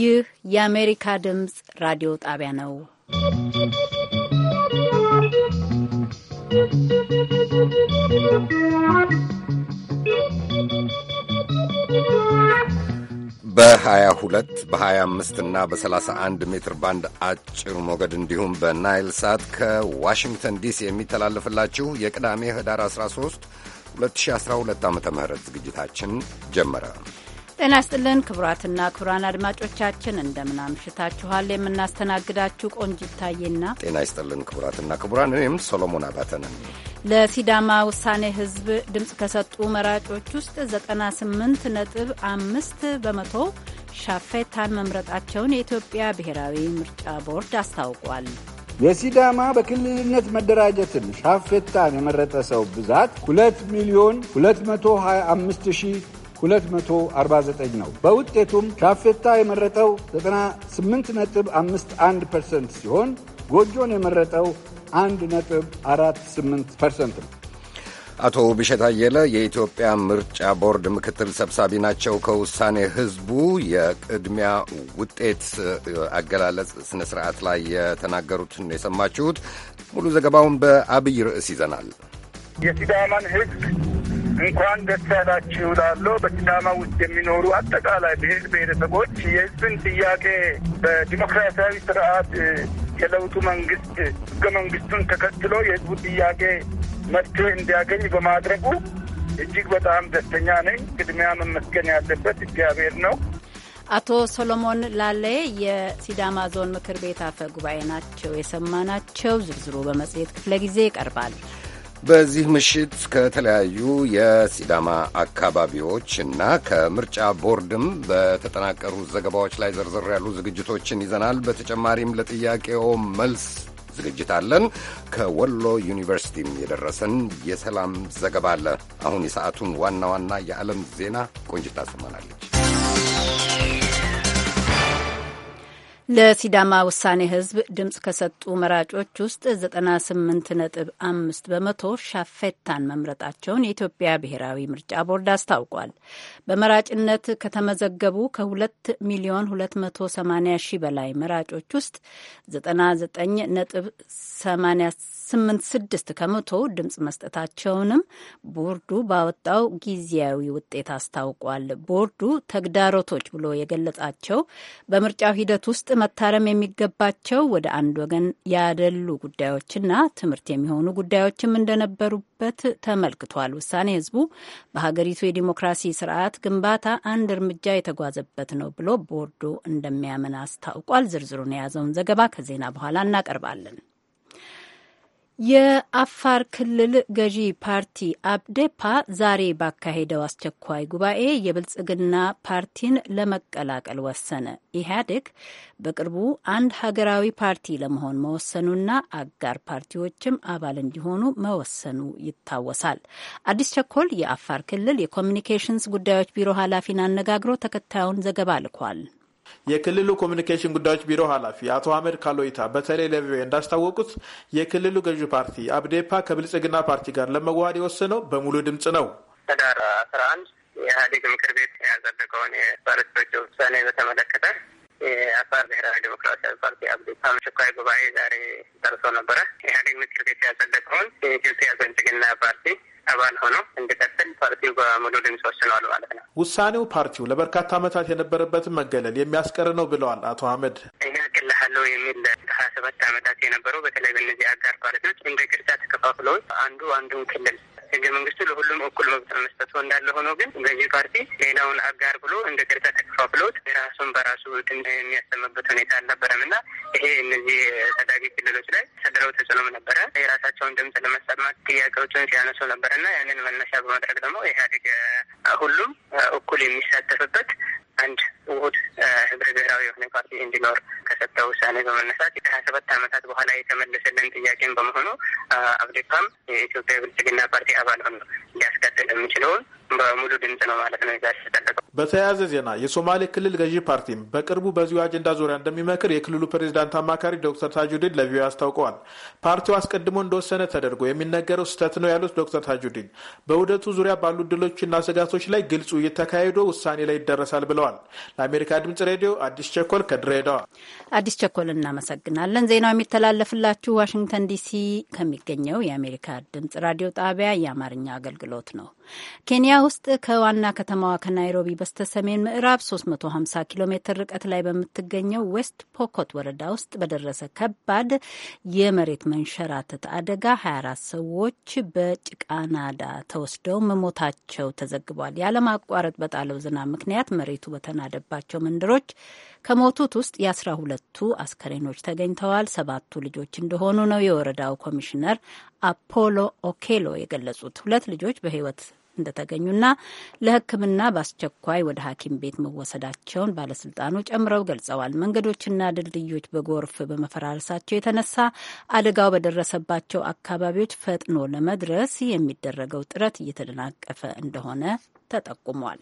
ይህ የአሜሪካ ድምፅ ራዲዮ ጣቢያ ነው። በ22 በ25 እና በ31 ሜትር ባንድ አጭር ሞገድ እንዲሁም በናይል ሳት ከዋሽንግተን ዲሲ የሚተላለፍላችሁ የቅዳሜ ህዳር 13 2012 ዓ ም ዝግጅታችን ጀመረ። ጤና ስጥልን ክቡራትና ክቡራን አድማጮቻችን እንደምን አምሽታችኋል። የምናስተናግዳችሁ ቆንጂት ታዬና ጤና ይስጥልን ክቡራትና ክቡራን፣ እኔም ሶሎሞን አባተ ነን። ለሲዳማ ውሳኔ ህዝብ ድምፅ ከሰጡ መራጮች ውስጥ 98 ነጥብ አምስት በመቶ ሻፌታን መምረጣቸውን የኢትዮጵያ ብሔራዊ ምርጫ ቦርድ አስታውቋል። የሲዳማ በክልልነት መደራጀትን ሻፌታን የመረጠ ሰው ብዛት 2 ሚሊዮን 249 ነው። በውጤቱም ሻፌታ የመረጠው 98.51 ፐርሰንት ሲሆን ጎጆን የመረጠው 1.48 ፐርሰንት ነው። አቶ ብሸት አየለ የኢትዮጵያ ምርጫ ቦርድ ምክትል ሰብሳቢ ናቸው። ከውሳኔ ህዝቡ የቅድሚያ ውጤት አገላለጽ ስነ ስርዓት ላይ የተናገሩትን የሰማችሁት። ሙሉ ዘገባውን በአብይ ርዕስ ይዘናል። የሲዳማን ህዝብ እንኳን ደስ ያላችሁ ላለው በሲዳማ ውስጥ የሚኖሩ አጠቃላይ ብሔር ብሔረሰቦች የህዝብን ጥያቄ በዲሞክራሲያዊ ስርዓት የለውጡ መንግስት ህገ መንግስቱን ተከትሎ የህዝቡ ጥያቄ መፍትሄ እንዲያገኝ በማድረጉ እጅግ በጣም ደስተኛ ነኝ። ቅድሚያ መመስገን ያለበት እግዚአብሔር ነው። አቶ ሶሎሞን ላሌ የሲዳማ ዞን ምክር ቤት አፈ ጉባኤ ናቸው የሰማናቸው። ዝርዝሩ በመጽሔት ክፍለ ጊዜ ይቀርባል። በዚህ ምሽት ከተለያዩ የሲዳማ አካባቢዎች እና ከምርጫ ቦርድም በተጠናቀሩ ዘገባዎች ላይ ዘርዘር ያሉ ዝግጅቶችን ይዘናል። በተጨማሪም ለጥያቄው መልስ ዝግጅት አለን። ከወሎ ዩኒቨርሲቲም የደረሰን የሰላም ዘገባ አለ። አሁን የሰዓቱን ዋና ዋና የዓለም ዜና ቆንጅት ታሰማናለች። ለሲዳማ ውሳኔ ህዝብ ድምፅ ከሰጡ መራጮች ውስጥ ነጥብ 98.5 በመቶ ሻፌታን መምረጣቸውን የኢትዮጵያ ብሔራዊ ምርጫ ቦርድ አስታውቋል። በመራጭነት ከተመዘገቡ ከ2 ሚሊዮን 28 በላይ መራጮች ውስጥ 99.86 86 ከመቶ ድምፅ መስጠታቸውንም ቦርዱ ባወጣው ጊዜያዊ ውጤት አስታውቋል። ቦርዱ ተግዳሮቶች ብሎ የገለጻቸው በምርጫው ሂደት ውስጥ መታረም የሚገባቸው ወደ አንድ ወገን ያደሉ ጉዳዮችና ትምህርት የሚሆኑ ጉዳዮችም እንደነበሩበት ተመልክቷል። ውሳኔ ህዝቡ በሀገሪቱ የዲሞክራሲ ስርዓት ግንባታ አንድ እርምጃ የተጓዘበት ነው ብሎ ቦርዱ እንደሚያምን አስታውቋል። ዝርዝሩን የያዘውን ዘገባ ከዜና በኋላ እናቀርባለን። የአፋር ክልል ገዢ ፓርቲ አብዴፓ ዛሬ ባካሄደው አስቸኳይ ጉባኤ የብልጽግና ፓርቲን ለመቀላቀል ወሰነ። ኢህአዴግ በቅርቡ አንድ ሀገራዊ ፓርቲ ለመሆን መወሰኑና አጋር ፓርቲዎችም አባል እንዲሆኑ መወሰኑ ይታወሳል። አዲስ ቸኮል የአፋር ክልል የኮሚኒኬሽንስ ጉዳዮች ቢሮ ኃላፊን አነጋግሮ ተከታዩን ዘገባ ልኳል። የክልሉ ኮሚኒኬሽን ጉዳዮች ቢሮ ኃላፊ አቶ አህመድ ካሎይታ በተለይ ለቪኦኤ እንዳስታወቁት የክልሉ ገዢ ፓርቲ አብዴፓ ከብልጽግና ፓርቲ ጋር ለመዋሃድ የወሰነው በሙሉ ድምፅ ነው። ህዳር አስራ አንድ የኢህአዴግ ምክር ቤት ያጸደቀውን የፓርቲዎች ውሳኔ በተመለከተ የአፋር ብሔራዊ ዴሞክራሲያዊ ፓርቲ አብዴፓ አስቸኳይ ጉባኤ ዛሬ ጠርሶ ነበረ። ኢህአዴግ ምክር ቤት ያጸደቀውን የኢትዮጵያ ብልጽግና ፓርቲ አባል ሆኖ እንዲቀጥል ፓርቲው በሙሉ ድምፅ ወስነዋል ማለት ነው። ውሳኔው ፓርቲው ለበርካታ ዓመታት የነበረበትን መገለል የሚያስቀር ነው ብለዋል አቶ አህመድ። እኛ ቅልሃለው የሚል ሀያ ሰባት ዓመታት የነበረው በተለይ በእነዚህ አጋር ፓርቲዎች እንደ ግርጫ ተከፋፍለው አንዱ አንዱን ክልል ህገ መንግስቱ ለሁሉም እኩል መብት መስጠቱ እንዳለ ሆኖ ግን ገዢ ፓርቲ ሌላውን አጋር ብሎ እንደ ቅርጫ ተከፋፍሎት ራሱን በራሱ የሚያሰምበት ሁኔታ አልነበረም እና ይሄ እነዚህ ታዳጊ ክልሎች ላይ ሰደረው ተጽዕኖም ነበረ። የራሳቸውን ድምጽ ለማሰማት ጥያቄዎችን ሲያነሱ ነበረ እና ያንን መነሻ በማድረግ ደግሞ ኢህአዴግ ሁሉም እኩል የሚሳተፍበት አንድ ውሁድ ህብረ ብሔራዊ የሆነ ፓርቲ እንዲኖር ከሰጠው ውሳኔ በመነሳት የሀያ ሰባት ዓመታት በኋላ የተመለሰልን ጥያቄን በመሆኑ አብዴፓም የኢትዮጵያ ብልጽግና ፓርቲ አባል ሆኖ ሊያስቀጥል የሚችለውን በሙሉ ድምጽ ነው ማለት ነው ይዛ በተያያዘ ዜና የሶማሌ ክልል ገዢ ፓርቲም በቅርቡ በዚሁ አጀንዳ ዙሪያ እንደሚመክር የክልሉ ፕሬዚዳንት አማካሪ ዶክተር ታጁዲን ለቪኦኤ አስታውቀዋል። ፓርቲው አስቀድሞ እንደወሰነ ተደርጎ የሚነገረው ስህተት ነው ያሉት ዶክተር ታጁዲን በውህደቱ ዙሪያ ባሉ ድሎችና ስጋቶች ላይ ግልጽ ውይይት ተካሂዶ ውሳኔ ላይ ይደረሳል ብለዋል። ለአሜሪካ ድምጽ ሬዲዮ አዲስ ቸኮል ከድሬዳዋ። አዲስ ቸኮል እናመሰግናለን። ዜናው የሚተላለፍላችሁ ዋሽንግተን ዲሲ ከሚገኘው የአሜሪካ ድምጽ ራዲዮ ጣቢያ የአማርኛ አገልግሎት ነው። ኬንያ ውስጥ ከዋና ከተማዋ ከናይሮቢ በስተ ሰሜን ምዕራብ 350 ኪሎ ሜትር ርቀት ላይ በምትገኘው ዌስት ፖኮት ወረዳ ውስጥ በደረሰ ከባድ የመሬት መንሸራተት አደጋ 24 ሰዎች በጭቃናዳ ተወስደው መሞታቸው ተዘግቧል። ያለማቋረጥ በጣለው ዝናብ ምክንያት መሬቱ በተናደባቸው መንደሮች ከሞቱት ውስጥ የአስራ ሁለቱ አስከሬኖች ተገኝተዋል። ሰባቱ ልጆች እንደሆኑ ነው የወረዳው ኮሚሽነር አፖሎ ኦኬሎ የገለጹት። ሁለት ልጆች በህይወት ። እንደተገኙና ለሕክምና በአስቸኳይ ወደ ሐኪም ቤት መወሰዳቸውን ባለስልጣኑ ጨምረው ገልጸዋል። መንገዶችና ድልድዮች በጎርፍ በመፈራረሳቸው የተነሳ አደጋው በደረሰባቸው አካባቢዎች ፈጥኖ ለመድረስ የሚደረገው ጥረት እየተደናቀፈ እንደሆነ ተጠቁሟል።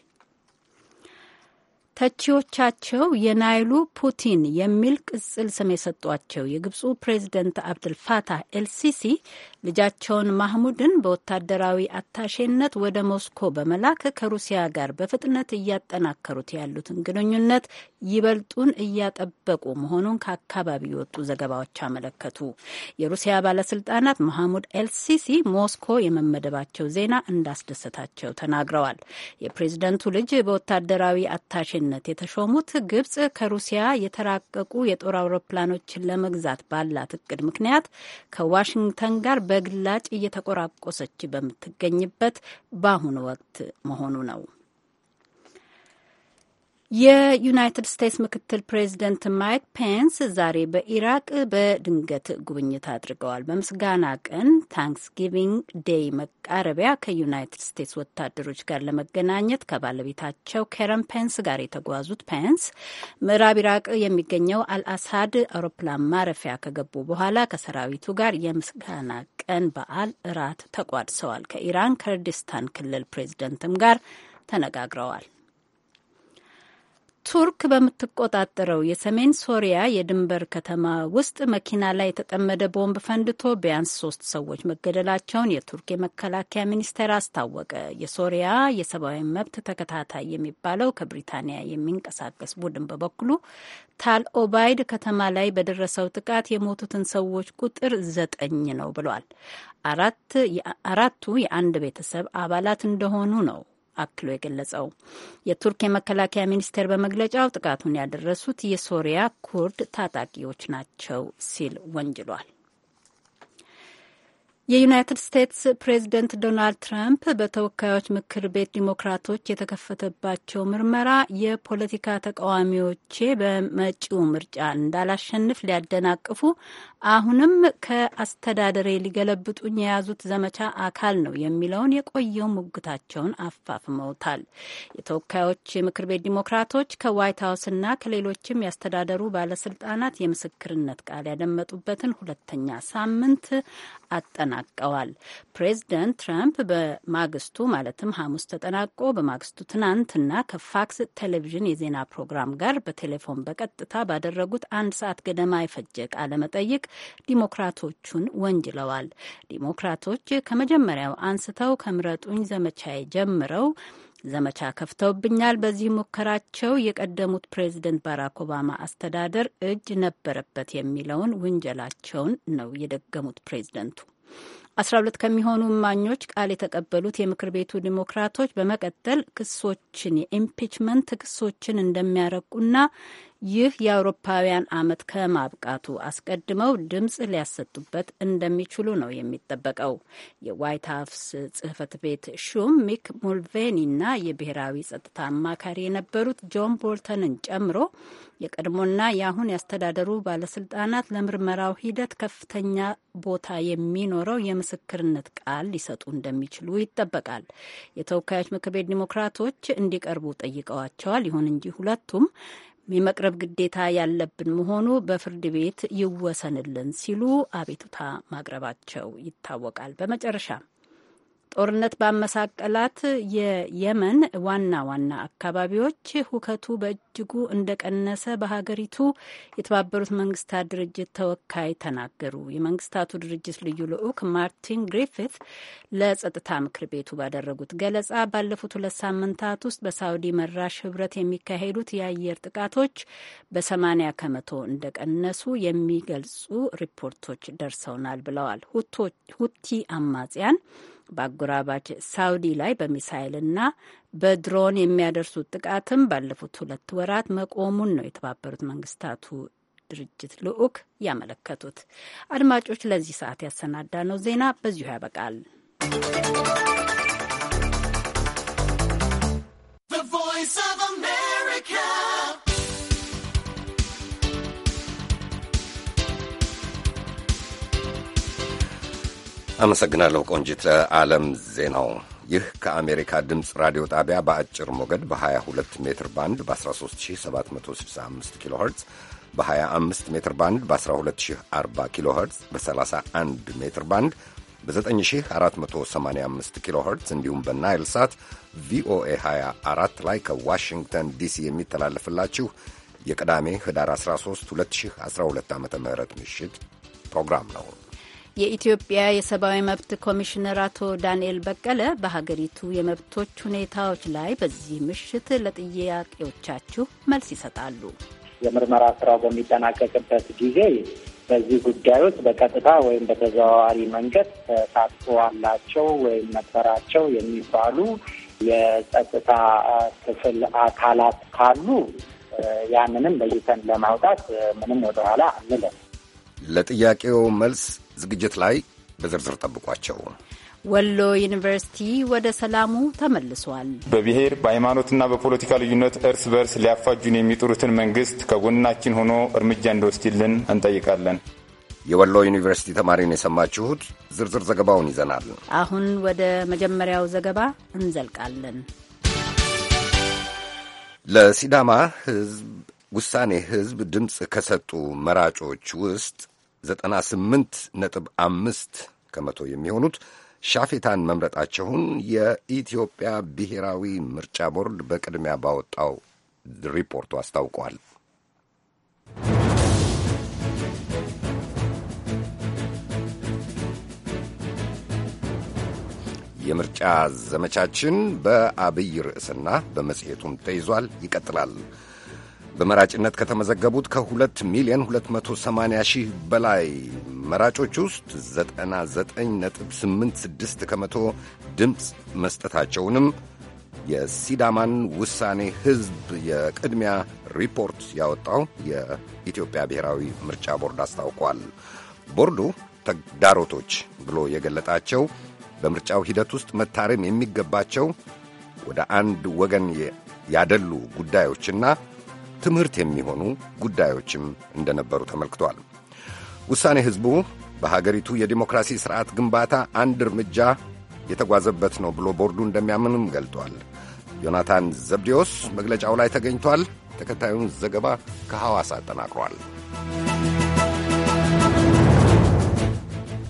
ተቺዎቻቸው የናይሉ ፑቲን የሚል ቅጽል ስም የሰጧቸው የግብፁ ፕሬዚደንት አብድልፋታህ ኤልሲሲ ልጃቸውን ማህሙድን በወታደራዊ አታሼነት ወደ ሞስኮ በመላክ ከሩሲያ ጋር በፍጥነት እያጠናከሩት ያሉትን ግንኙነት ይበልጡን እያጠበቁ መሆኑን ከአካባቢ የወጡ ዘገባዎች አመለከቱ። የሩሲያ ባለስልጣናት መሐሙድ ኤልሲሲ ሞስኮ የመመደባቸው ዜና እንዳስደሰታቸው ተናግረዋል። የፕሬዝደንቱ ልጅ በወታደራዊ አታሼነት የተሾሙት ግብጽ ከሩሲያ የተራቀቁ የጦር አውሮፕላኖችን ለመግዛት ባላት እቅድ ምክንያት ከዋሽንግተን ጋር በግላጭ እየተቆራቆሰች በምትገኝበት በአሁኑ ወቅት መሆኑ ነው። የዩናይትድ ስቴትስ ምክትል ፕሬዚደንት ማይክ ፔንስ ዛሬ በኢራቅ በድንገት ጉብኝት አድርገዋል። በምስጋና ቀን ታንክስጊቪንግ ዴይ መቃረቢያ ከዩናይትድ ስቴትስ ወታደሮች ጋር ለመገናኘት ከባለቤታቸው ከረን ፔንስ ጋር የተጓዙት ፔንስ ምዕራብ ኢራቅ የሚገኘው አልአሳድ አውሮፕላን ማረፊያ ከገቡ በኋላ ከሰራዊቱ ጋር የምስጋና ቀን በዓል እራት ተቋድሰዋል። ከኢራን ኩርዲስታን ክልል ፕሬዚደንትም ጋር ተነጋግረዋል። ቱርክ በምትቆጣጠረው የሰሜን ሶሪያ የድንበር ከተማ ውስጥ መኪና ላይ የተጠመደ ቦምብ ፈንድቶ ቢያንስ ሶስት ሰዎች መገደላቸውን የቱርክ የመከላከያ ሚኒስቴር አስታወቀ። የሶሪያ የሰብአዊ መብት ተከታታይ የሚባለው ከብሪታንያ የሚንቀሳቀስ ቡድን በበኩሉ ታል ኦባይድ ከተማ ላይ በደረሰው ጥቃት የሞቱትን ሰዎች ቁጥር ዘጠኝ ነው ብሏል። አራቱ የአንድ ቤተሰብ አባላት እንደሆኑ ነው አክሎ የገለጸው። የቱርክ የመከላከያ ሚኒስቴር በመግለጫው ጥቃቱን ያደረሱት የሶሪያ ኩርድ ታጣቂዎች ናቸው ሲል ወንጅሏል። የዩናይትድ ስቴትስ ፕሬዝደንት ዶናልድ ትራምፕ በተወካዮች ምክር ቤት ዲሞክራቶች የተከፈተባቸው ምርመራ የፖለቲካ ተቃዋሚዎቼ በመጪው ምርጫ እንዳላሸንፍ ሊያደናቅፉ አሁንም ከአስተዳደሬ ሊገለብጡኝ የያዙት ዘመቻ አካል ነው የሚለውን የቆየው ሙግታቸውን አፋፍመውታል። የተወካዮች ምክር ቤት ዲሞክራቶች ከዋይት ሀውስና ከሌሎችም ያስተዳደሩ ባለስልጣናት የምስክርነት ቃል ያደመጡበትን ሁለተኛ ሳምንት አጠና ተጠናቀዋል። ፕሬዚደንት ትራምፕ በማግስቱ ማለትም ሐሙስ ተጠናቆ በማግስቱ ትናንትና ከፋክስ ቴሌቪዥን የዜና ፕሮግራም ጋር በቴሌፎን በቀጥታ ባደረጉት አንድ ሰዓት ገደማ የፈጀ ቃለ መጠይቅ ዲሞክራቶቹን ወንጅለዋል። ዲሞክራቶች ከመጀመሪያው አንስተው ከምረጡኝ ዘመቻ ጀምረው ዘመቻ ከፍተውብኛል። በዚህ ሙከራቸው የቀደሙት ፕሬዚደንት ባራክ ኦባማ አስተዳደር እጅ ነበረበት የሚለውን ውንጀላቸውን ነው የደገሙት ፕሬዚደንቱ። አስራ ሁለት ከሚሆኑ እማኞች ቃል የተቀበሉት የምክር ቤቱ ዲሞክራቶች በመቀጠል ክሶችን የኢምፒችመንት ክሶችን እንደሚያረቁና ይህ የአውሮፓውያን አመት ከማብቃቱ አስቀድመው ድምፅ ሊያሰጡበት እንደሚችሉ ነው የሚጠበቀው። የዋይት ሀውስ ጽህፈት ቤት ሹም ሚክ እና የብሔራዊ ጸጥታ አማካሪ የነበሩት ጆን ቦልተንን ጨምሮ የቀድሞና የአሁን ያስተዳደሩ ባለስልጣናት ለምርመራው ሂደት ከፍተኛ ቦታ የሚኖረው የምስክርነት ቃል ሊሰጡ እንደሚችሉ ይጠበቃል። የተወካዮች ምክር ቤት ዲሞክራቶች እንዲቀርቡ ጠይቀዋቸዋል። ይሁን እንጂ ሁለቱም የመቅረብ ግዴታ ያለብን መሆኑ በፍርድ ቤት ይወሰንልን ሲሉ አቤቱታ ማቅረባቸው ይታወቃል። በመጨረሻ ጦርነት ባመሳቀላት የየመን ዋና ዋና አካባቢዎች ሁከቱ በእጅጉ እንደቀነሰ በሀገሪቱ የተባበሩት መንግስታት ድርጅት ተወካይ ተናገሩ። የመንግስታቱ ድርጅት ልዩ ልዑክ ማርቲን ግሪፊት ለጸጥታ ምክር ቤቱ ባደረጉት ገለጻ ባለፉት ሁለት ሳምንታት ውስጥ በሳውዲ መራሽ ህብረት የሚካሄዱት የአየር ጥቃቶች በሰማኒያ ከመቶ እንደቀነሱ የሚገልጹ ሪፖርቶች ደርሰውናል ብለዋል። ሁቲ አማጽያን በአጎራባች ሳውዲ ላይ በሚሳይልና በድሮን የሚያደርሱት ጥቃትም ባለፉት ሁለት ወራት መቆሙን ነው የተባበሩት መንግስታቱ ድርጅት ልዑክ ያመለከቱት። አድማጮች፣ ለዚህ ሰዓት ያሰናዳ ነው ዜና በዚሁ ያበቃል። አመሰግናለሁ ቆንጂት ለዓለም ዜናው። ይህ ከአሜሪካ ድምፅ ራዲዮ ጣቢያ በአጭር ሞገድ በ22 ሜትር ባንድ በ13765 ኪሎ ኸርትዝ በ25 ሜትር ባንድ በ1240 ኪሎ ኸርትዝ በ31 ሜትር ባንድ በ9485 ኪሎ ኸርትዝ እንዲሁም በናይል ሳት ቪኦኤ 24 ላይ ከዋሽንግተን ዲሲ የሚተላለፍላችሁ የቅዳሜ ህዳር 13 2012 ዓ ም ምሽት ፕሮግራም ነው። የኢትዮጵያ የሰብአዊ መብት ኮሚሽነር አቶ ዳንኤል በቀለ በሀገሪቱ የመብቶች ሁኔታዎች ላይ በዚህ ምሽት ለጥያቄዎቻችሁ መልስ ይሰጣሉ። የምርመራ ስራው በሚጠናቀቅበት ጊዜ በዚህ ውስጥ በቀጥታ ወይም በተዘዋዋሪ መንገድ ተሳትፎ አላቸው ወይም ነበራቸው የሚባሉ የጸጥታ ክፍል አካላት ካሉ ያንንም ለይተን ለማውጣት ምንም ወደኋላ አንልም። ለጥያቄው መልስ ዝግጅት ላይ በዝርዝር ጠብቋቸው። ወሎ ዩኒቨርሲቲ ወደ ሰላሙ ተመልሷል። በብሔር በሃይማኖትና በፖለቲካ ልዩነት እርስ በርስ ሊያፋጁን የሚጥሩትን መንግስት ከጎናችን ሆኖ እርምጃ እንዲወስድልን እንጠይቃለን። የወሎ ዩኒቨርሲቲ ተማሪን የሰማችሁት። ዝርዝር ዘገባውን ይዘናል። አሁን ወደ መጀመሪያው ዘገባ እንዘልቃለን። ለሲዳማ ህዝብ ውሳኔ ህዝብ ድምፅ ከሰጡ መራጮች ውስጥ 98 ነጥብ አምስት ከመቶ የሚሆኑት ሻፌታን መምረጣቸውን የኢትዮጵያ ብሔራዊ ምርጫ ቦርድ በቅድሚያ ባወጣው ሪፖርቱ አስታውቋል። የምርጫ ዘመቻችን በአብይ ርዕስና በመጽሔቱም ተይዟል፣ ይቀጥላል። በመራጭነት ከተመዘገቡት ከ2 ሚሊዮን 280 ሺህ በላይ መራጮች ውስጥ 99.86 ከመቶ ድምፅ መስጠታቸውንም የሲዳማን ውሳኔ ሕዝብ የቅድሚያ ሪፖርት ያወጣው የኢትዮጵያ ብሔራዊ ምርጫ ቦርድ አስታውቋል። ቦርዱ ተግዳሮቶች ብሎ የገለጣቸው በምርጫው ሂደት ውስጥ መታረም የሚገባቸው ወደ አንድ ወገን ያደሉ ጉዳዮችና ትምህርት የሚሆኑ ጉዳዮችም እንደነበሩ ተመልክቷል። ውሳኔ ሕዝቡ በሀገሪቱ የዲሞክራሲ ሥርዓት ግንባታ አንድ እርምጃ የተጓዘበት ነው ብሎ ቦርዱ እንደሚያምንም ገልጧል። ዮናታን ዘብዴዎስ መግለጫው ላይ ተገኝቷል። ተከታዩን ዘገባ ከሐዋሳ አጠናቅሯል።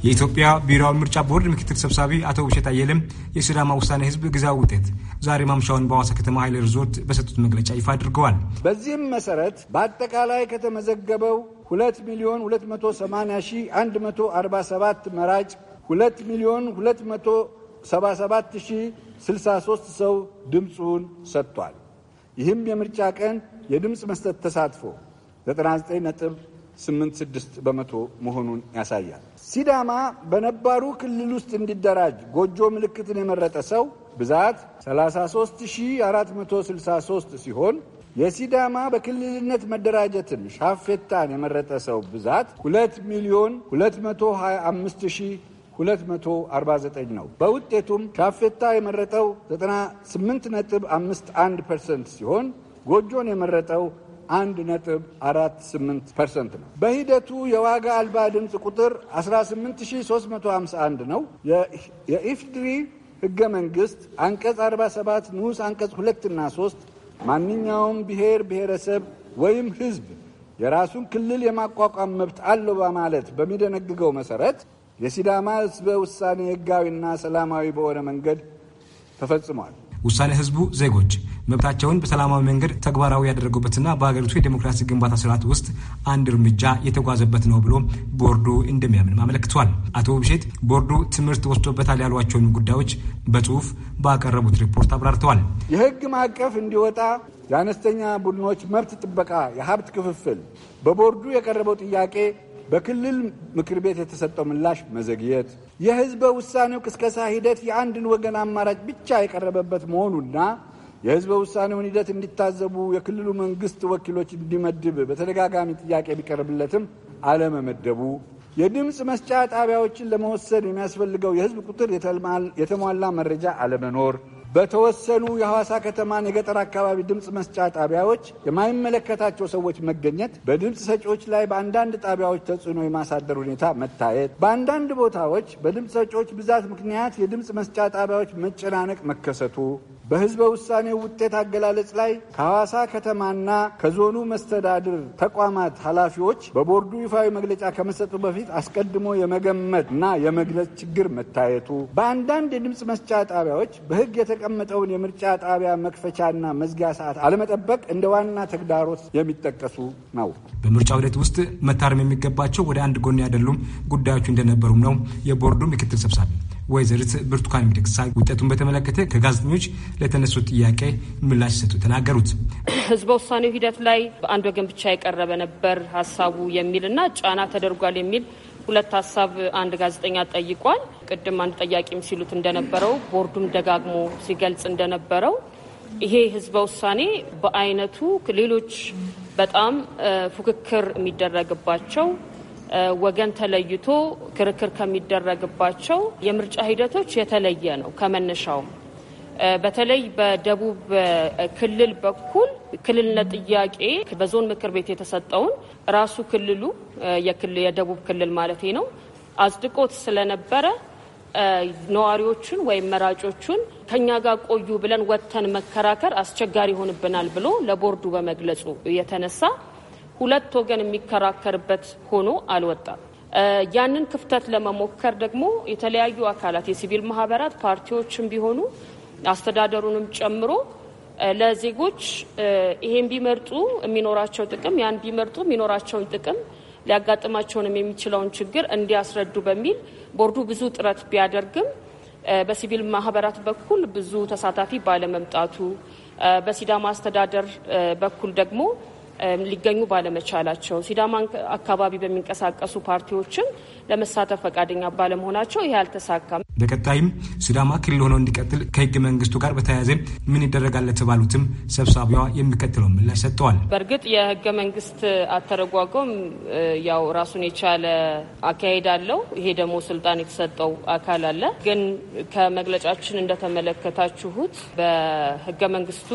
የኢትዮጵያ ብሔራዊ ምርጫ ቦርድ ምክትል ሰብሳቢ አቶ ብሸት አየለም የሲዳማ ውሳኔ ህዝብ ግዛ ውጤት ዛሬ ማምሻውን በሐዋሳ ከተማ ኃይል ሪዞርት በሰጡት መግለጫ ይፋ አድርገዋል። በዚህም መሰረት በአጠቃላይ ከተመዘገበው 2 ሚሊዮን 280147 መራጭ 2 ሚሊዮን 277,063 ሰው ድምፁን ሰጥቷል። ይህም የምርጫ ቀን የድምፅ መስጠት ተሳትፎ 99 ነጥብ 8.6 በመቶ መሆኑን ያሳያል። ሲዳማ በነባሩ ክልል ውስጥ እንዲደራጅ ጎጆ ምልክትን የመረጠ ሰው ብዛት 33463 ሲሆን የሲዳማ በክልልነት መደራጀትን ሻፌታን የመረጠ ሰው ብዛት 2 ሚሊዮን 225249 ነው። በውጤቱም ሻፌታ የመረጠው 98.51 ፐርሰንት ሲሆን ጎጆን የመረጠው አንድ ነጥብ አራት ስምንት ፐርሰንት ነው። በሂደቱ የዋጋ አልባ ድምፅ ቁጥር 18351 ነው። የኢፍድሪ ህገ መንግስት አንቀጽ 47 ንዑስ አንቀጽ ሁለትና ሶስት ማንኛውም ብሔር ብሔረሰብ ወይም ህዝብ የራሱን ክልል የማቋቋም መብት አለው በማለት በሚደነግገው መሰረት የሲዳማ ህዝበ ውሳኔ ህጋዊና ሰላማዊ በሆነ መንገድ ተፈጽሟል። ውሳኔ ህዝቡ ዜጎች መብታቸውን በሰላማዊ መንገድ ተግባራዊ ያደረጉበትና በሀገሪቱ የዴሞክራሲ ግንባታ ስርዓት ውስጥ አንድ እርምጃ የተጓዘበት ነው ብሎ ቦርዱ እንደሚያምንም አመለክቷል። አቶ ብሼት ቦርዱ ትምህርት ወስዶበታል ያሏቸውን ጉዳዮች በጽሁፍ ባቀረቡት ሪፖርት አብራርተዋል። የህግ ማዕቀፍ እንዲወጣ የአነስተኛ ቡድኖች መብት ጥበቃ፣ የሀብት ክፍፍል በቦርዱ የቀረበው ጥያቄ በክልል ምክር ቤት የተሰጠው ምላሽ መዘግየት፣ የህዝበ ውሳኔው ቅስቀሳ ሂደት የአንድን ወገን አማራጭ ብቻ የቀረበበት መሆኑና የህዝበ ውሳኔውን ሂደት እንዲታዘቡ የክልሉ መንግስት ወኪሎች እንዲመድብ በተደጋጋሚ ጥያቄ ቢቀርብለትም አለመመደቡ፣ የድምፅ መስጫ ጣቢያዎችን ለመወሰን የሚያስፈልገው የህዝብ ቁጥር የተሟላ መረጃ አለመኖር በተወሰኑ የሐዋሳ ከተማን የገጠር አካባቢ ድምፅ መስጫ ጣቢያዎች የማይመለከታቸው ሰዎች መገኘት፣ በድምፅ ሰጪዎች ላይ በአንዳንድ ጣቢያዎች ተጽዕኖ የማሳደር ሁኔታ መታየት፣ በአንዳንድ ቦታዎች በድምፅ ሰጪዎች ብዛት ምክንያት የድምፅ መስጫ ጣቢያዎች መጨናነቅ መከሰቱ በህዝበ ውሳኔው ውጤት አገላለጽ ላይ ከሐዋሳ ከተማና ከዞኑ መስተዳድር ተቋማት ኃላፊዎች በቦርዱ ይፋዊ መግለጫ ከመሰጡ በፊት አስቀድሞ የመገመት እና የመግለጽ ችግር መታየቱ፣ በአንዳንድ የድምፅ መስጫ ጣቢያዎች በህግ የተቀመጠውን የምርጫ ጣቢያ መክፈቻና መዝጊያ ሰዓት አለመጠበቅ እንደ ዋና ተግዳሮት የሚጠቀሱ ነው። በምርጫ ሂደት ውስጥ መታረም የሚገባቸው ወደ አንድ ጎን ያደሉም ጉዳዮቹ እንደነበሩም ነው የቦርዱ ምክትል ሰብሳቢ ወይዘሪት ብርቱካን ሚደቅሳ ውጤቱን በተመለከተ ከጋዜጠኞች ለተነሱ ጥያቄ ምላሽ ሰጡ ተናገሩት። ህዝበ ውሳኔው ሂደት ላይ በአንድ ወገን ብቻ የቀረበ ነበር ሀሳቡ የሚልና ጫና ተደርጓል የሚል ሁለት ሀሳብ አንድ ጋዜጠኛ ጠይቋል። ቅድም አንድ ጠያቂም ሲሉት እንደነበረው ቦርዱም ደጋግሞ ሲገልጽ እንደነበረው ይሄ ህዝበ ውሳኔ በአይነቱ ሌሎች በጣም ፉክክር የሚደረግባቸው ወገን ተለይቶ ክርክር ከሚደረግባቸው የምርጫ ሂደቶች የተለየ ነው። ከመነሻውም በተለይ በደቡብ ክልል በኩል ክልልነት ጥያቄ በዞን ምክር ቤት የተሰጠውን ራሱ ክልሉ የደቡብ ክልል ማለት ነው አጽድቆት ስለነበረ ነዋሪዎቹን ወይም መራጮቹን ከኛ ጋር ቆዩ ብለን ወጥተን መከራከር አስቸጋሪ ይሆንብናል ብሎ ለቦርዱ በመግለጹ የተነሳ ሁለት ወገን የሚከራከርበት ሆኖ አልወጣም። ያንን ክፍተት ለመሞከር ደግሞ የተለያዩ አካላት የሲቪል ማህበራት ፓርቲዎችም ቢሆኑ አስተዳደሩንም ጨምሮ ለዜጎች ይሄን ቢመርጡ የሚኖራቸው ጥቅም ያን ቢመርጡ የሚኖራቸውን ጥቅም ሊያጋጥማቸውንም የሚችለውን ችግር እንዲያስረዱ በሚል ቦርዱ ብዙ ጥረት ቢያደርግም በሲቪል ማህበራት በኩል ብዙ ተሳታፊ ባለመምጣቱ በሲዳማ አስተዳደር በኩል ደግሞ ሊገኙ ባለመቻላቸው ሲዳማ አካባቢ በሚንቀሳቀሱ ፓርቲዎችም ለመሳተፍ ፈቃደኛ ባለመሆናቸው ይህ አልተሳካም። በቀጣይም ሲዳማ ክልል ሆኖ እንዲቀጥል ከህገ መንግስቱ ጋር በተያያዘ ምን ይደረጋል ለተባሉትም ሰብሳቢዋ የሚከተለው ምላሽ ሰጥተዋል። በእርግጥ የህገ መንግስት አተረጓጎም ያው ራሱን የቻለ አካሄድ አለው። ይሄ ደግሞ ስልጣን የተሰጠው አካል አለ። ግን ከመግለጫችን እንደተመለከታችሁት በህገ መንግስቱ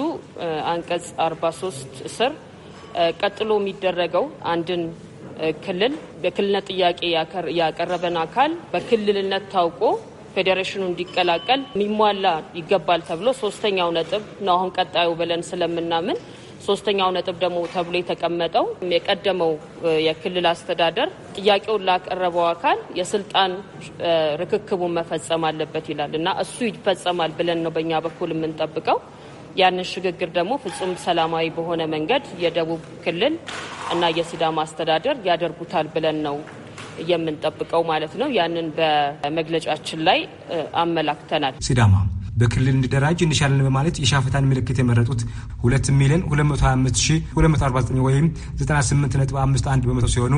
አንቀጽ 43 ስር ቀጥሎ የሚደረገው አንድን ክልል በክልልነት ጥያቄ ያቀረበን አካል በክልልነት ታውቆ ፌዴሬሽኑ እንዲቀላቀል የሚሟላ ይገባል ተብሎ ሶስተኛው ነጥብ ነው። አሁን ቀጣዩ ብለን ስለምናምን ሶስተኛው ነጥብ ደግሞ ተብሎ የተቀመጠው የቀደመው የክልል አስተዳደር ጥያቄውን ላቀረበው አካል የስልጣን ርክክቡን መፈጸም አለበት ይላል እና እሱ ይፈጸማል ብለን ነው በእኛ በኩል የምንጠብቀው። ያንን ሽግግር ደግሞ ፍጹም ሰላማዊ በሆነ መንገድ የደቡብ ክልል እና የሲዳማ አስተዳደር ያደርጉታል ብለን ነው የምንጠብቀው ማለት ነው። ያንን በመግለጫችን ላይ አመላክተናል። ሲዳማ በክልል እንዲደራጅ እንሻለን በማለት የሻፈታን ምልክት የመረጡት 2 ሚሊዮን 225249 ወይም 98.51 በመቶ ሲሆኑ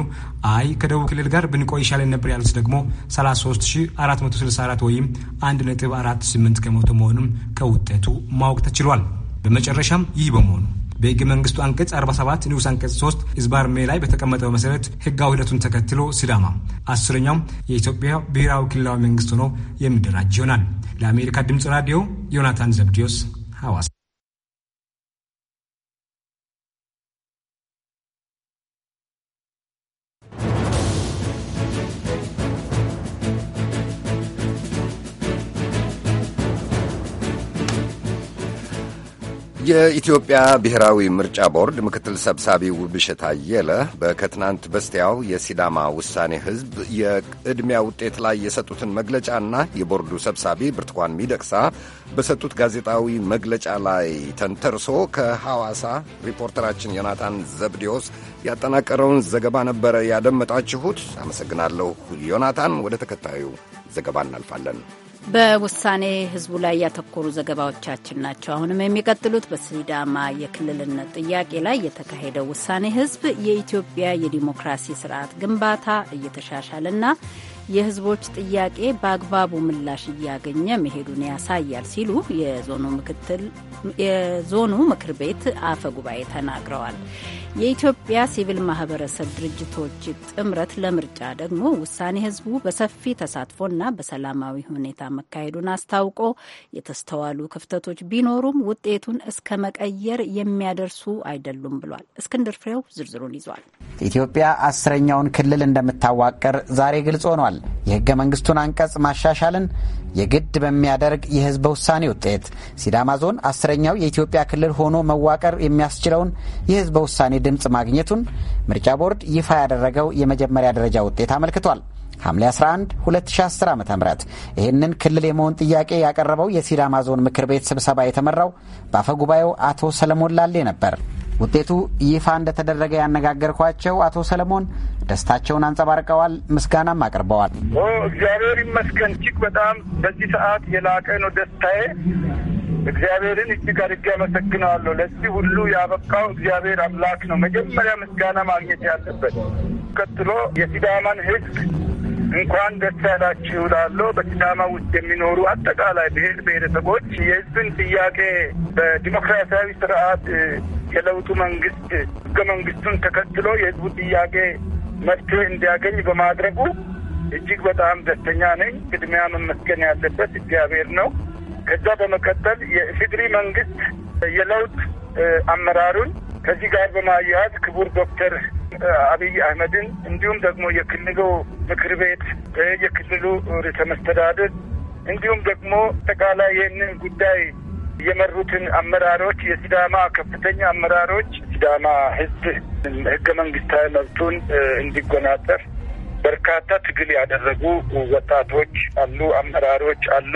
አይ ከደቡብ ክልል ጋር ብንቆይ ይሻለን ነበር ያሉት ደግሞ 33464 ወይም 1 ነ48 ከመቶ መሆኑም ከውጤቱ ማወቅ ተችሏል። በመጨረሻም ይህ በመሆኑ በህገ መንግስቱ አንቀጽ 47 ንዑስ አንቀጽ 3 ህዝባር ሜ ላይ በተቀመጠው መሰረት ህጋዊ ሂደቱን ተከትሎ ሲዳማ አስረኛው የኢትዮጵያ ብሔራዊ ክልላዊ መንግስት ሆኖ የሚደራጅ ይሆናል። ለአሜሪካ ድምፅ ራዲዮ ዮናታን ዘብዲዮስ ሐዋሳ። የኢትዮጵያ ብሔራዊ ምርጫ ቦርድ ምክትል ሰብሳቢ ውብሸት አየለ በከትናንት በስቲያው የሲዳማ ውሳኔ ሕዝብ የቅድሚያ ውጤት ላይ የሰጡትን መግለጫና የቦርዱ ሰብሳቢ ብርቱካን ሚደቅሳ በሰጡት ጋዜጣዊ መግለጫ ላይ ተንተርሶ ከሐዋሳ ሪፖርተራችን ዮናታን ዘብዴዎስ ያጠናቀረውን ዘገባ ነበረ ያደመጣችሁት። አመሰግናለሁ ዮናታን። ወደ ተከታዩ ዘገባ እናልፋለን። በውሳኔ ህዝቡ ላይ ያተኮሩ ዘገባዎቻችን ናቸው። አሁንም የሚቀጥሉት በሲዳማ የክልልነት ጥያቄ ላይ የተካሄደው ውሳኔ ህዝብ የኢትዮጵያ የዲሞክራሲ ስርዓት ግንባታ እየተሻሻለና የህዝቦች ጥያቄ በአግባቡ ምላሽ እያገኘ መሄዱን ያሳያል ሲሉ የዞኑ ምክትል የዞኑ ምክር ቤት አፈ ጉባኤ ተናግረዋል። የኢትዮጵያ ሲቪል ማህበረሰብ ድርጅቶች ጥምረት ለምርጫ ደግሞ ውሳኔ ህዝቡ በሰፊ ተሳትፎና በሰላማዊ ሁኔታ መካሄዱን አስታውቆ የተስተዋሉ ክፍተቶች ቢኖሩም ውጤቱን እስከ መቀየር የሚያደርሱ አይደሉም ብሏል። እስክንድር ፍሬው ዝርዝሩን ይዟል። ኢትዮጵያ አስረኛውን ክልል እንደምታዋቅር ዛሬ ግልጽ ሆኗል። የህገ መንግስቱን አንቀጽ ማሻሻልን የግድ በሚያደርግ የህዝበ ውሳኔ ውጤት ሲዳማ ዞን አስረኛው የኢትዮጵያ ክልል ሆኖ መዋቀር የሚያስችለውን የህዝበ ውሳኔ ድምፅ ማግኘቱን ምርጫ ቦርድ ይፋ ያደረገው የመጀመሪያ ደረጃ ውጤት አመልክቷል። ሐምሌ 11 2010 ዓ ም ይህንን ክልል የመሆን ጥያቄ ያቀረበው የሲዳማ ዞን ምክር ቤት ስብሰባ የተመራው በአፈ ጉባኤው አቶ ሰለሞን ላሌ ነበር። ውጤቱ ይፋ እንደተደረገ ያነጋገርኳቸው አቶ ሰለሞን ደስታቸውን አንጸባርቀዋል። ምስጋናም አቅርበዋል። ኦ እግዚአብሔር ይመስገን። እጅግ በጣም በዚህ ሰዓት የላቀ ነው ደስታዬ። እግዚአብሔርን እጅግ አድርጌ አመሰግነዋለሁ። ለዚህ ሁሉ ያበቃው እግዚአብሔር አምላክ ነው። መጀመሪያ ምስጋና ማግኘት ያለበት። ቀጥሎ የሲዳማን ህዝብ እንኳን ደስ ያላችሁ እላለሁ። በሲዳማ ውስጥ የሚኖሩ አጠቃላይ ብሔር ብሔረሰቦች የህዝብን ጥያቄ በዲሞክራሲያዊ ስርዓት የለውጡ መንግስት ህገ መንግስቱን ተከትሎ የህዝቡ ጥያቄ መፍትሄ እንዲያገኝ በማድረጉ እጅግ በጣም ደስተኛ ነኝ። ቅድሚያ መመስገን ያለበት እግዚአብሔር ነው። ከዛ በመቀጠል የኢፌዴሪ መንግስት የለውጥ አመራሩን ከዚህ ጋር በማያያዝ ክቡር ዶክተር አብይ አህመድን እንዲሁም ደግሞ የክልሉ ምክር ቤት፣ የክልሉ ርዕሰ መስተዳድር እንዲሁም ደግሞ አጠቃላይ ይህንን ጉዳይ የመሩትን አመራሮች የሲዳማ ከፍተኛ አመራሮች ሲዳማ ህዝብ ህገ መንግስታዊ መብቱን እንዲጎናጸፍ በርካታ ትግል ያደረጉ ወጣቶች አሉ፣ አመራሮች አሉ።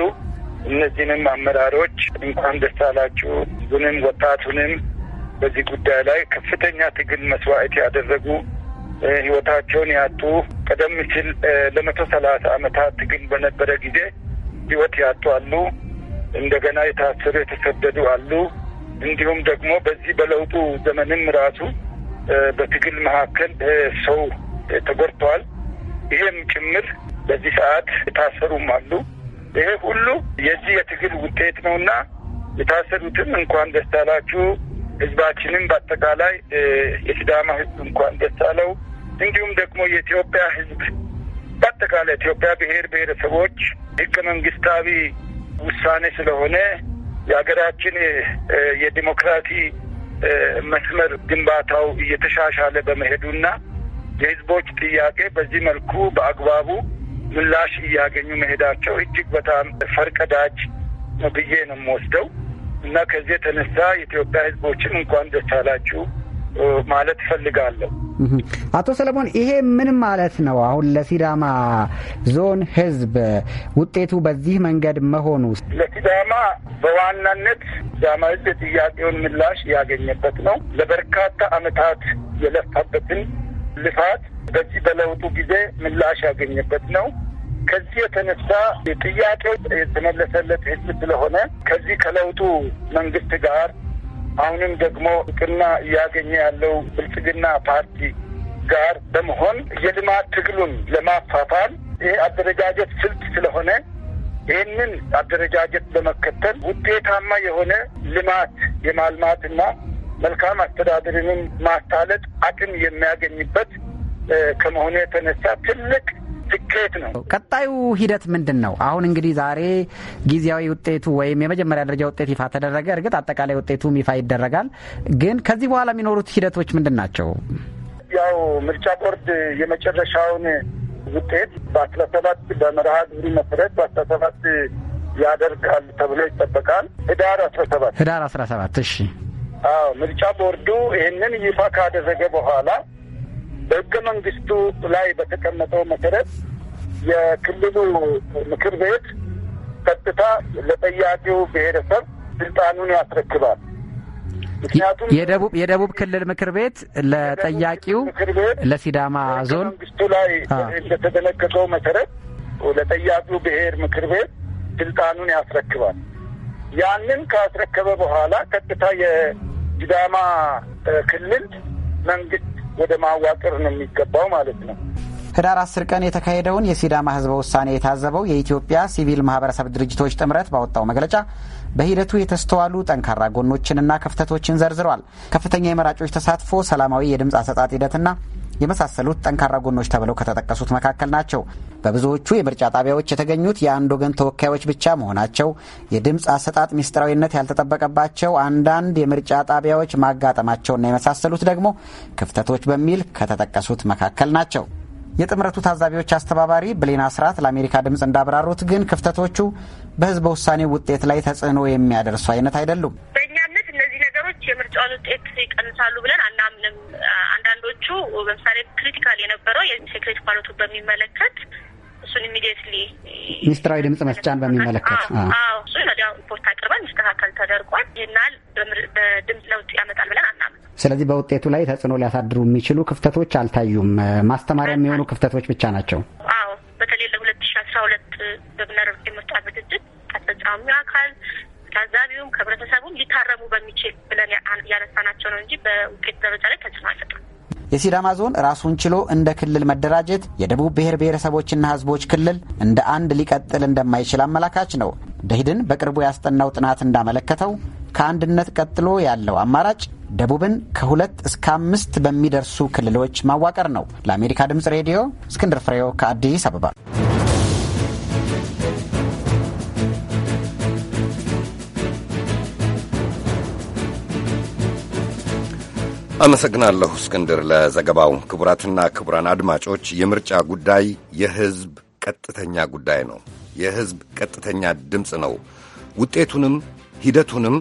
እነዚህንም አመራሮች እንኳን ደስ አላችሁ፣ ህዝቡንም ወጣቱንም በዚህ ጉዳይ ላይ ከፍተኛ ትግል መስዋዕት ያደረጉ ህይወታቸውን ያጡ ቀደም ሲል ለመቶ ሰላሳ አመታት ትግል በነበረ ጊዜ ህይወት ያጡ አሉ። እንደገና የታሰሩ የተሰደዱ አሉ። እንዲሁም ደግሞ በዚህ በለውጡ ዘመንም ራሱ በትግል መካከል ሰው ተጎድተዋል። ይህም ጭምር በዚህ ሰዓት የታሰሩም አሉ። ይሄ ሁሉ የዚህ የትግል ውጤት ነውና የታሰሩትም እንኳን ደስ አላችሁ፣ ህዝባችንም በአጠቃላይ የሲዳማ ህዝብ እንኳን ደስ አለው። እንዲሁም ደግሞ የኢትዮጵያ ህዝብ በአጠቃላይ ኢትዮጵያ ብሔር ብሔረሰቦች ህገ መንግስታዊ ውሳኔ ስለሆነ የሀገራችን የዲሞክራሲ መስመር ግንባታው እየተሻሻለ በመሄዱና የህዝቦች ጥያቄ በዚህ መልኩ በአግባቡ ምላሽ እያገኙ መሄዳቸው እጅግ በጣም ፈርቀዳጅ ነው ብዬ ነው የምወስደው እና ከዚህ የተነሳ የኢትዮጵያ ህዝቦችን እንኳን ደስ አላችሁ ማለት እፈልጋለሁ። አቶ ሰለሞን ይሄ ምን ማለት ነው? አሁን ለሲዳማ ዞን ህዝብ ውጤቱ በዚህ መንገድ መሆኑ ለሲዳማ በዋናነት ሲዳማ ህዝብ ጥያቄውን ምላሽ ያገኘበት ነው። ለበርካታ አመታት የለፋበትን ልፋት በዚህ በለውጡ ጊዜ ምላሽ ያገኘበት ነው። ከዚህ የተነሳ ጥያቄ የተመለሰለት ህዝብ ስለሆነ ከዚህ ከለውጡ መንግስት ጋር አሁንም ደግሞ እውቅና እያገኘ ያለው ብልጽግና ፓርቲ ጋር በመሆን የልማት ትግሉን ለማፋፋል ይህ አደረጃጀት ስልት ስለሆነ ይህንን አደረጃጀት በመከተል ውጤታማ የሆነ ልማት የማልማትና መልካም አስተዳደርንም ማሳለጥ አቅም የሚያገኝበት ከመሆኑ የተነሳ ትልቅ ስኬት ነው። ቀጣዩ ሂደት ምንድን ነው? አሁን እንግዲህ ዛሬ ጊዜያዊ ውጤቱ ወይም የመጀመሪያ ደረጃ ውጤት ይፋ ተደረገ። እርግጥ አጠቃላይ ውጤቱም ይፋ ይደረጋል። ግን ከዚህ በኋላ የሚኖሩት ሂደቶች ምንድን ናቸው? ያው ምርጫ ቦርድ የመጨረሻውን ውጤት በአስራ ሰባት በመርሃ ግብሩ መሰረት በአስራ ሰባት ያደርጋል ተብሎ ይጠበቃል። ህዳር አስራ ሰባት ህዳር አስራ ሰባት እሺ። አዎ ምርጫ ቦርዱ ይህንን ይፋ ካደረገ በኋላ በህገ መንግስቱ ላይ በተቀመጠው መሰረት የክልሉ ምክር ቤት ቀጥታ ለጠያቂው ብሔረሰብ ስልጣኑን ያስረክባል። ምክንያቱም የደቡብ የደቡብ ክልል ምክር ቤት ለጠያቂው ለሲዳማ ዞን መንግስቱ ላይ እንደተደነገገው መሰረት ለጠያቂው ብሔር ምክር ቤት ስልጣኑን ያስረክባል። ያንን ካስረከበ በኋላ ቀጥታ የሲዳማ ክልል መንግስት ወደ ማዋቅር ነው የሚገባው ማለት ነው። ህዳር አስር ቀን የተካሄደውን የሲዳማ ህዝበ ውሳኔ የታዘበው የኢትዮጵያ ሲቪል ማህበረሰብ ድርጅቶች ጥምረት ባወጣው መግለጫ በሂደቱ የተስተዋሉ ጠንካራ ጎኖችንና ክፍተቶችን ዘርዝረዋል። ከፍተኛ የመራጮች ተሳትፎ፣ ሰላማዊ የድምፅ አሰጣጥ ሂደትና የመሳሰሉት ጠንካራ ጎኖች ተብለው ከተጠቀሱት መካከል ናቸው። በብዙዎቹ የምርጫ ጣቢያዎች የተገኙት የአንድ ወገን ተወካዮች ብቻ መሆናቸው፣ የድምፅ አሰጣጥ ሚስጥራዊነት ያልተጠበቀባቸው አንዳንድ የምርጫ ጣቢያዎች ማጋጠማቸውና የመሳሰሉት ደግሞ ክፍተቶች በሚል ከተጠቀሱት መካከል ናቸው። የጥምረቱ ታዛቢዎች አስተባባሪ ብሌና ስርዓት ለአሜሪካ ድምፅ እንዳብራሩት ግን ክፍተቶቹ በህዝበ ውሳኔ ውጤት ላይ ተጽዕኖ የሚያደርሱ አይነት አይደሉም። የምርጫውን ውጤት ይቀንሳሉ ብለን አናምንም። አንዳንዶቹ ለምሳሌ ክሪቲካል የነበረው የሴክሬት ባሎቱን በሚመለከት እሱን ኢሚዲየትሊ ሚኒስትራዊ ድምጽ መስጫን በሚመለከት እሱ ወዲያው ሪፖርት አቅርበን ሚስተካከል ተደርጓል። ይህናል በድምጽ ለውጥ ያመጣል ብለን አናምን። ስለዚህ በውጤቱ ላይ ተጽዕኖ ሊያሳድሩ የሚችሉ ክፍተቶች አልታዩም። ማስተማሪያ የሚሆኑ ክፍተቶች ብቻ ናቸው። አዎ በተለይ ለሁለት ሺ አስራ ሁለት በብነር የምርጫ ዝግጅት አስፈጻሚ አካል ታዛቢውም ከህብረተሰቡም ሊታረሙ በሚችል ብለን ያነሳናቸው ነው እንጂ በውጤት ደረጃ ላይ ተጽዕኖ አይፈጥርም። የሲዳማ ዞን ራሱን ችሎ እንደ ክልል መደራጀት የደቡብ ብሔር ብሔረሰቦችና ህዝቦች ክልል እንደ አንድ ሊቀጥል እንደማይችል አመላካች ነው። ደሂድን በቅርቡ ያስጠናው ጥናት እንዳመለከተው ከአንድነት ቀጥሎ ያለው አማራጭ ደቡብን ከሁለት እስከ አምስት በሚደርሱ ክልሎች ማዋቀር ነው። ለአሜሪካ ድምፅ ሬዲዮ እስክንድር ፍሬው ከአዲስ አበባ አመሰግናለሁ እስክንድር ለዘገባው። ክቡራትና ክቡራን አድማጮች የምርጫ ጉዳይ የሕዝብ ቀጥተኛ ጉዳይ ነው። የሕዝብ ቀጥተኛ ድምፅ ነው። ውጤቱንም ሂደቱንም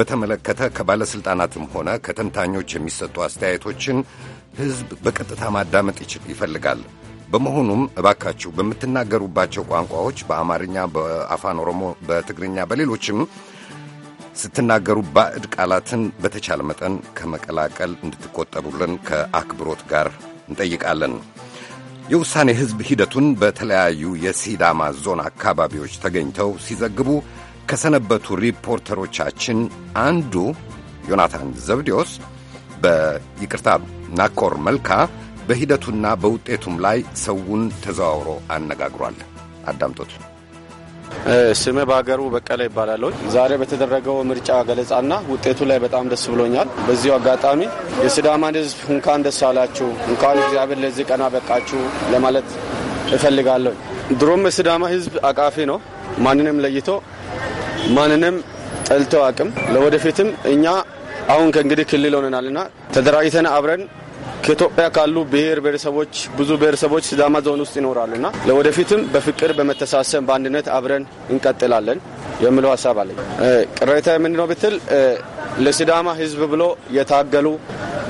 በተመለከተ ከባለሥልጣናትም ሆነ ከተንታኞች የሚሰጡ አስተያየቶችን ሕዝብ በቀጥታ ማዳመጥ ይፈልጋል። በመሆኑም እባካችሁ በምትናገሩባቸው ቋንቋዎች በአማርኛ፣ በአፋን ኦሮሞ፣ በትግርኛ፣ በሌሎችም ስትናገሩ ባዕድ ቃላትን በተቻለ መጠን ከመቀላቀል እንድትቆጠቡልን ከአክብሮት ጋር እንጠይቃለን። የውሳኔ ሕዝብ ሂደቱን በተለያዩ የሲዳማ ዞን አካባቢዎች ተገኝተው ሲዘግቡ ከሰነበቱ ሪፖርተሮቻችን አንዱ ዮናታን ዘብዴዎስ በይቅርታ ናኮር መልካ በሂደቱና በውጤቱም ላይ ሰውን ተዘዋውሮ አነጋግሯል። አዳምጦት ስም በሀገሩ በቀለ ይባላለሁ። ዛሬ በተደረገው ምርጫ ገለጻና ውጤቱ ላይ በጣም ደስ ብሎኛል። በዚሁ አጋጣሚ የስዳማን ህዝብ እንኳን ደስ አላችሁ፣ እንኳን እግዚአብሔር ለዚህ ቀን አበቃችሁ ለማለት እፈልጋለሁ። ድሮም የስዳማ ህዝብ አቃፊ ነው። ማንንም ለይቶ ማንንም ጠልቶ አቅም ለወደፊትም እኛ አሁን ከእንግዲህ ክልል ሆነናልና ተደራጅተን አብረን ከኢትዮጵያ ካሉ ብሔር ብሔረሰቦች ብዙ ብሔረሰቦች ሲዳማ ዞን ውስጥ ይኖራሉና ለወደፊትም በፍቅር በመተሳሰብ በአንድነት አብረን እንቀጥላለን የሚለው ሀሳብ አለኝ። ቅሬታ የምንድነው ብትል ለሲዳማ ህዝብ ብሎ የታገሉ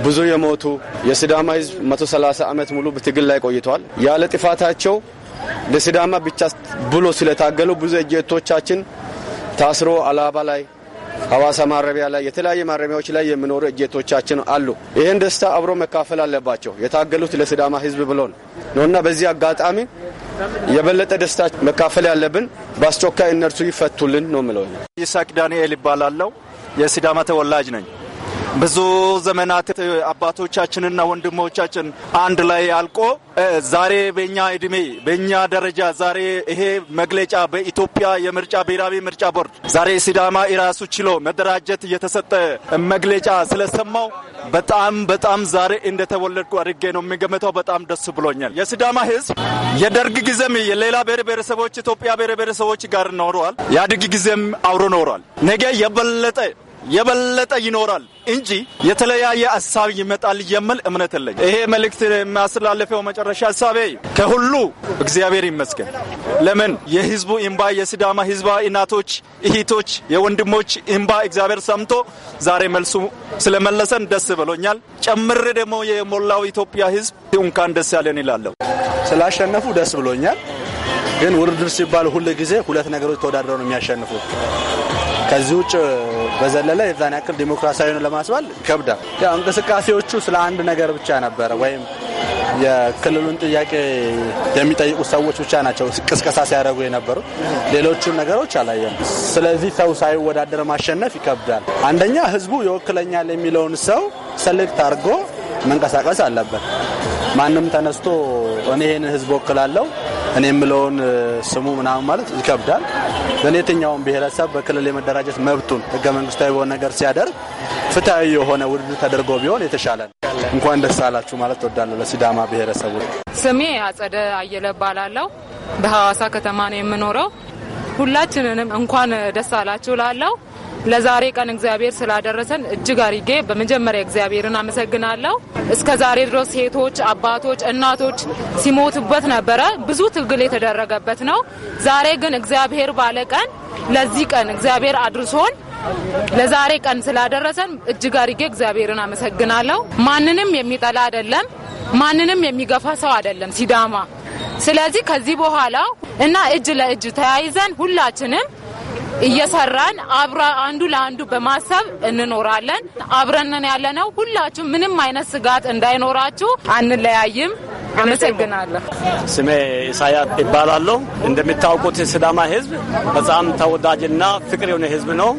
ብዙ የሞቱ የሲዳማ ህዝብ 130 ዓመት ሙሉ በትግል ላይ ቆይተዋል። ያለ ጥፋታቸው ለሲዳማ ብቻ ብሎ ስለታገሉ ብዙ እጀቶቻችን ታስሮ አላባ ላይ ሀዋሳ ማረሚያ ላይ የተለያየ ማረሚያዎች ላይ የሚኖሩ እጀቶቻችን አሉ። ይህን ደስታ አብሮ መካፈል አለባቸው። የታገሉት ለስዳማ ህዝብ ብሎ ነው እና በዚህ አጋጣሚ የበለጠ ደስታ መካፈል ያለብን በአስቸኳይ እነርሱ ይፈቱልን ነው ምለው። ይሳቅ ዳንኤል ይባላለው። የስዳማ ተወላጅ ነኝ። ብዙ ዘመናት አባቶቻችንና ወንድሞቻችን አንድ ላይ አልቆ ዛሬ በእኛ እድሜ በእኛ ደረጃ ዛሬ ይሄ መግለጫ በኢትዮጵያ የምርጫ ብሔራዊ ምርጫ ቦርድ ዛሬ ሲዳማ ራሱ ችሎ መደራጀት እየተሰጠ መግለጫ ስለሰማው በጣም በጣም ዛሬ እንደተወለድኩ አድርጌ ነው የሚገመተው። በጣም ደስ ብሎኛል። የሲዳማ ህዝብ የደርግ ጊዜም የሌላ ብሔር ብሔረሰቦች ኢትዮጵያ ብሔር ብሔረሰቦች ጋር ኖረዋል። የአድግ ጊዜም አብሮ ኖረዋል። ነገ የበለጠ የበለጠ ይኖራል እንጂ የተለያየ ሀሳብ ይመጣል የሚል እምነት የለኝ። ይሄ መልእክት የሚያስተላልፈው መጨረሻ ሀሳቤ ከሁሉ እግዚአብሔር ይመስገን። ለምን የህዝቡ ኢምባ የሲዳማ ህዝባ እናቶች፣ እህቶች፣ የወንድሞች ኢምባ እግዚአብሔር ሰምቶ ዛሬ መልሱ ስለመለሰን ደስ ብሎኛል። ጨምር ደግሞ የሞላው ኢትዮጵያ ህዝብ እንኳን ደስ ያለን ይላለሁ። ስላሸነፉ ደስ ብሎኛል። ግን ውድድር ሲባል ሁል ጊዜ ሁለት ነገሮች ተወዳድረው ነው የሚያሸንፉት ከዚህ ውጭ በዘለለ የዛን ያክል ዲሞክራሲያዊ ነው ለማስባል ይከብዳል። ያው እንቅስቃሴዎቹ ስለ አንድ ነገር ብቻ ነበረ ወይም የክልሉን ጥያቄ የሚጠይቁ ሰዎች ብቻ ናቸው ቅስቀሳ ሲያደርጉ የነበሩት። ሌሎቹን ነገሮች አላየም። ስለዚህ ሰው ሳይወዳደር ማሸነፍ ይከብዳል። አንደኛ ህዝቡ ይወክለኛል የሚለውን ሰው ሰሌክት አድርጎ መንቀሳቀስ አለበት። ማንም ተነስቶ እኔ ህዝብ ወክላለሁ እኔ የምለውን ስሙ ምናምን ማለት ይከብዳል። ለየትኛውም ብሔረሰብ በክልል የመደራጀት መብቱን ህገ መንግስታዊ በሆነ ነገር ሲያደርግ ፍትሐዊ የሆነ ውድድር ተደርጎ ቢሆን የተሻለ ነው። እንኳን ደስ አላችሁ ማለት ወዳለሁ ለሲዳማ ብሔረሰቡ። ስሜ አጸደ አየለ ባላለው በሐዋሳ ከተማ ነው የምኖረው። ሁላችንንም እንኳን ደስ አላችሁ ላለው ለዛሬ ቀን እግዚአብሔር ስላደረሰን እጅግ አሪጌ በመጀመሪያ እግዚአብሔርን አመሰግናለሁ። እስከ ዛሬ ድረስ ሴቶች፣ አባቶች፣ እናቶች ሲሞቱበት ነበረ። ብዙ ትግል የተደረገበት ነው። ዛሬ ግን እግዚአብሔር ባለ ቀን ለዚህ ቀን እግዚአብሔር አድርሶን ለዛሬ ቀን ስላደረሰን እጅግ አሪጌ እግዚአብሔርን አመሰግናለሁ። ማንንም የሚጠላ አይደለም፣ ማንንም የሚገፋ ሰው አይደለም ሲዳማ። ስለዚህ ከዚህ በኋላ እና እጅ ለእጅ ተያይዘን ሁላችንም እየሰራን አብረ አንዱ ለአንዱ በማሰብ እንኖራለን። አብረንን ያለነው ሁላችሁ ምንም አይነት ስጋት እንዳይኖራችሁ አንለያይም። አመሰግናለሁ። ስሜ ኢሳያ ይባላለሁ። እንደሚታወቁት ስዳማ ህዝብ በጣም ተወዳጅና ፍቅር የሆነ ህዝብ ነው።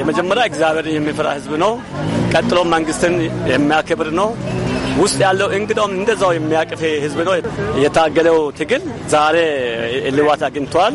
የመጀመሪያ እግዚአብሔር የሚፈራ ህዝብ ነው። ቀጥሎ መንግስትን የሚያከብር ነው። ውስጥ ያለው እንግዳውም እንደዛው የሚያቅፍ ህዝብ ነው። የታገለው ትግል ዛሬ እልባት አግኝቷል።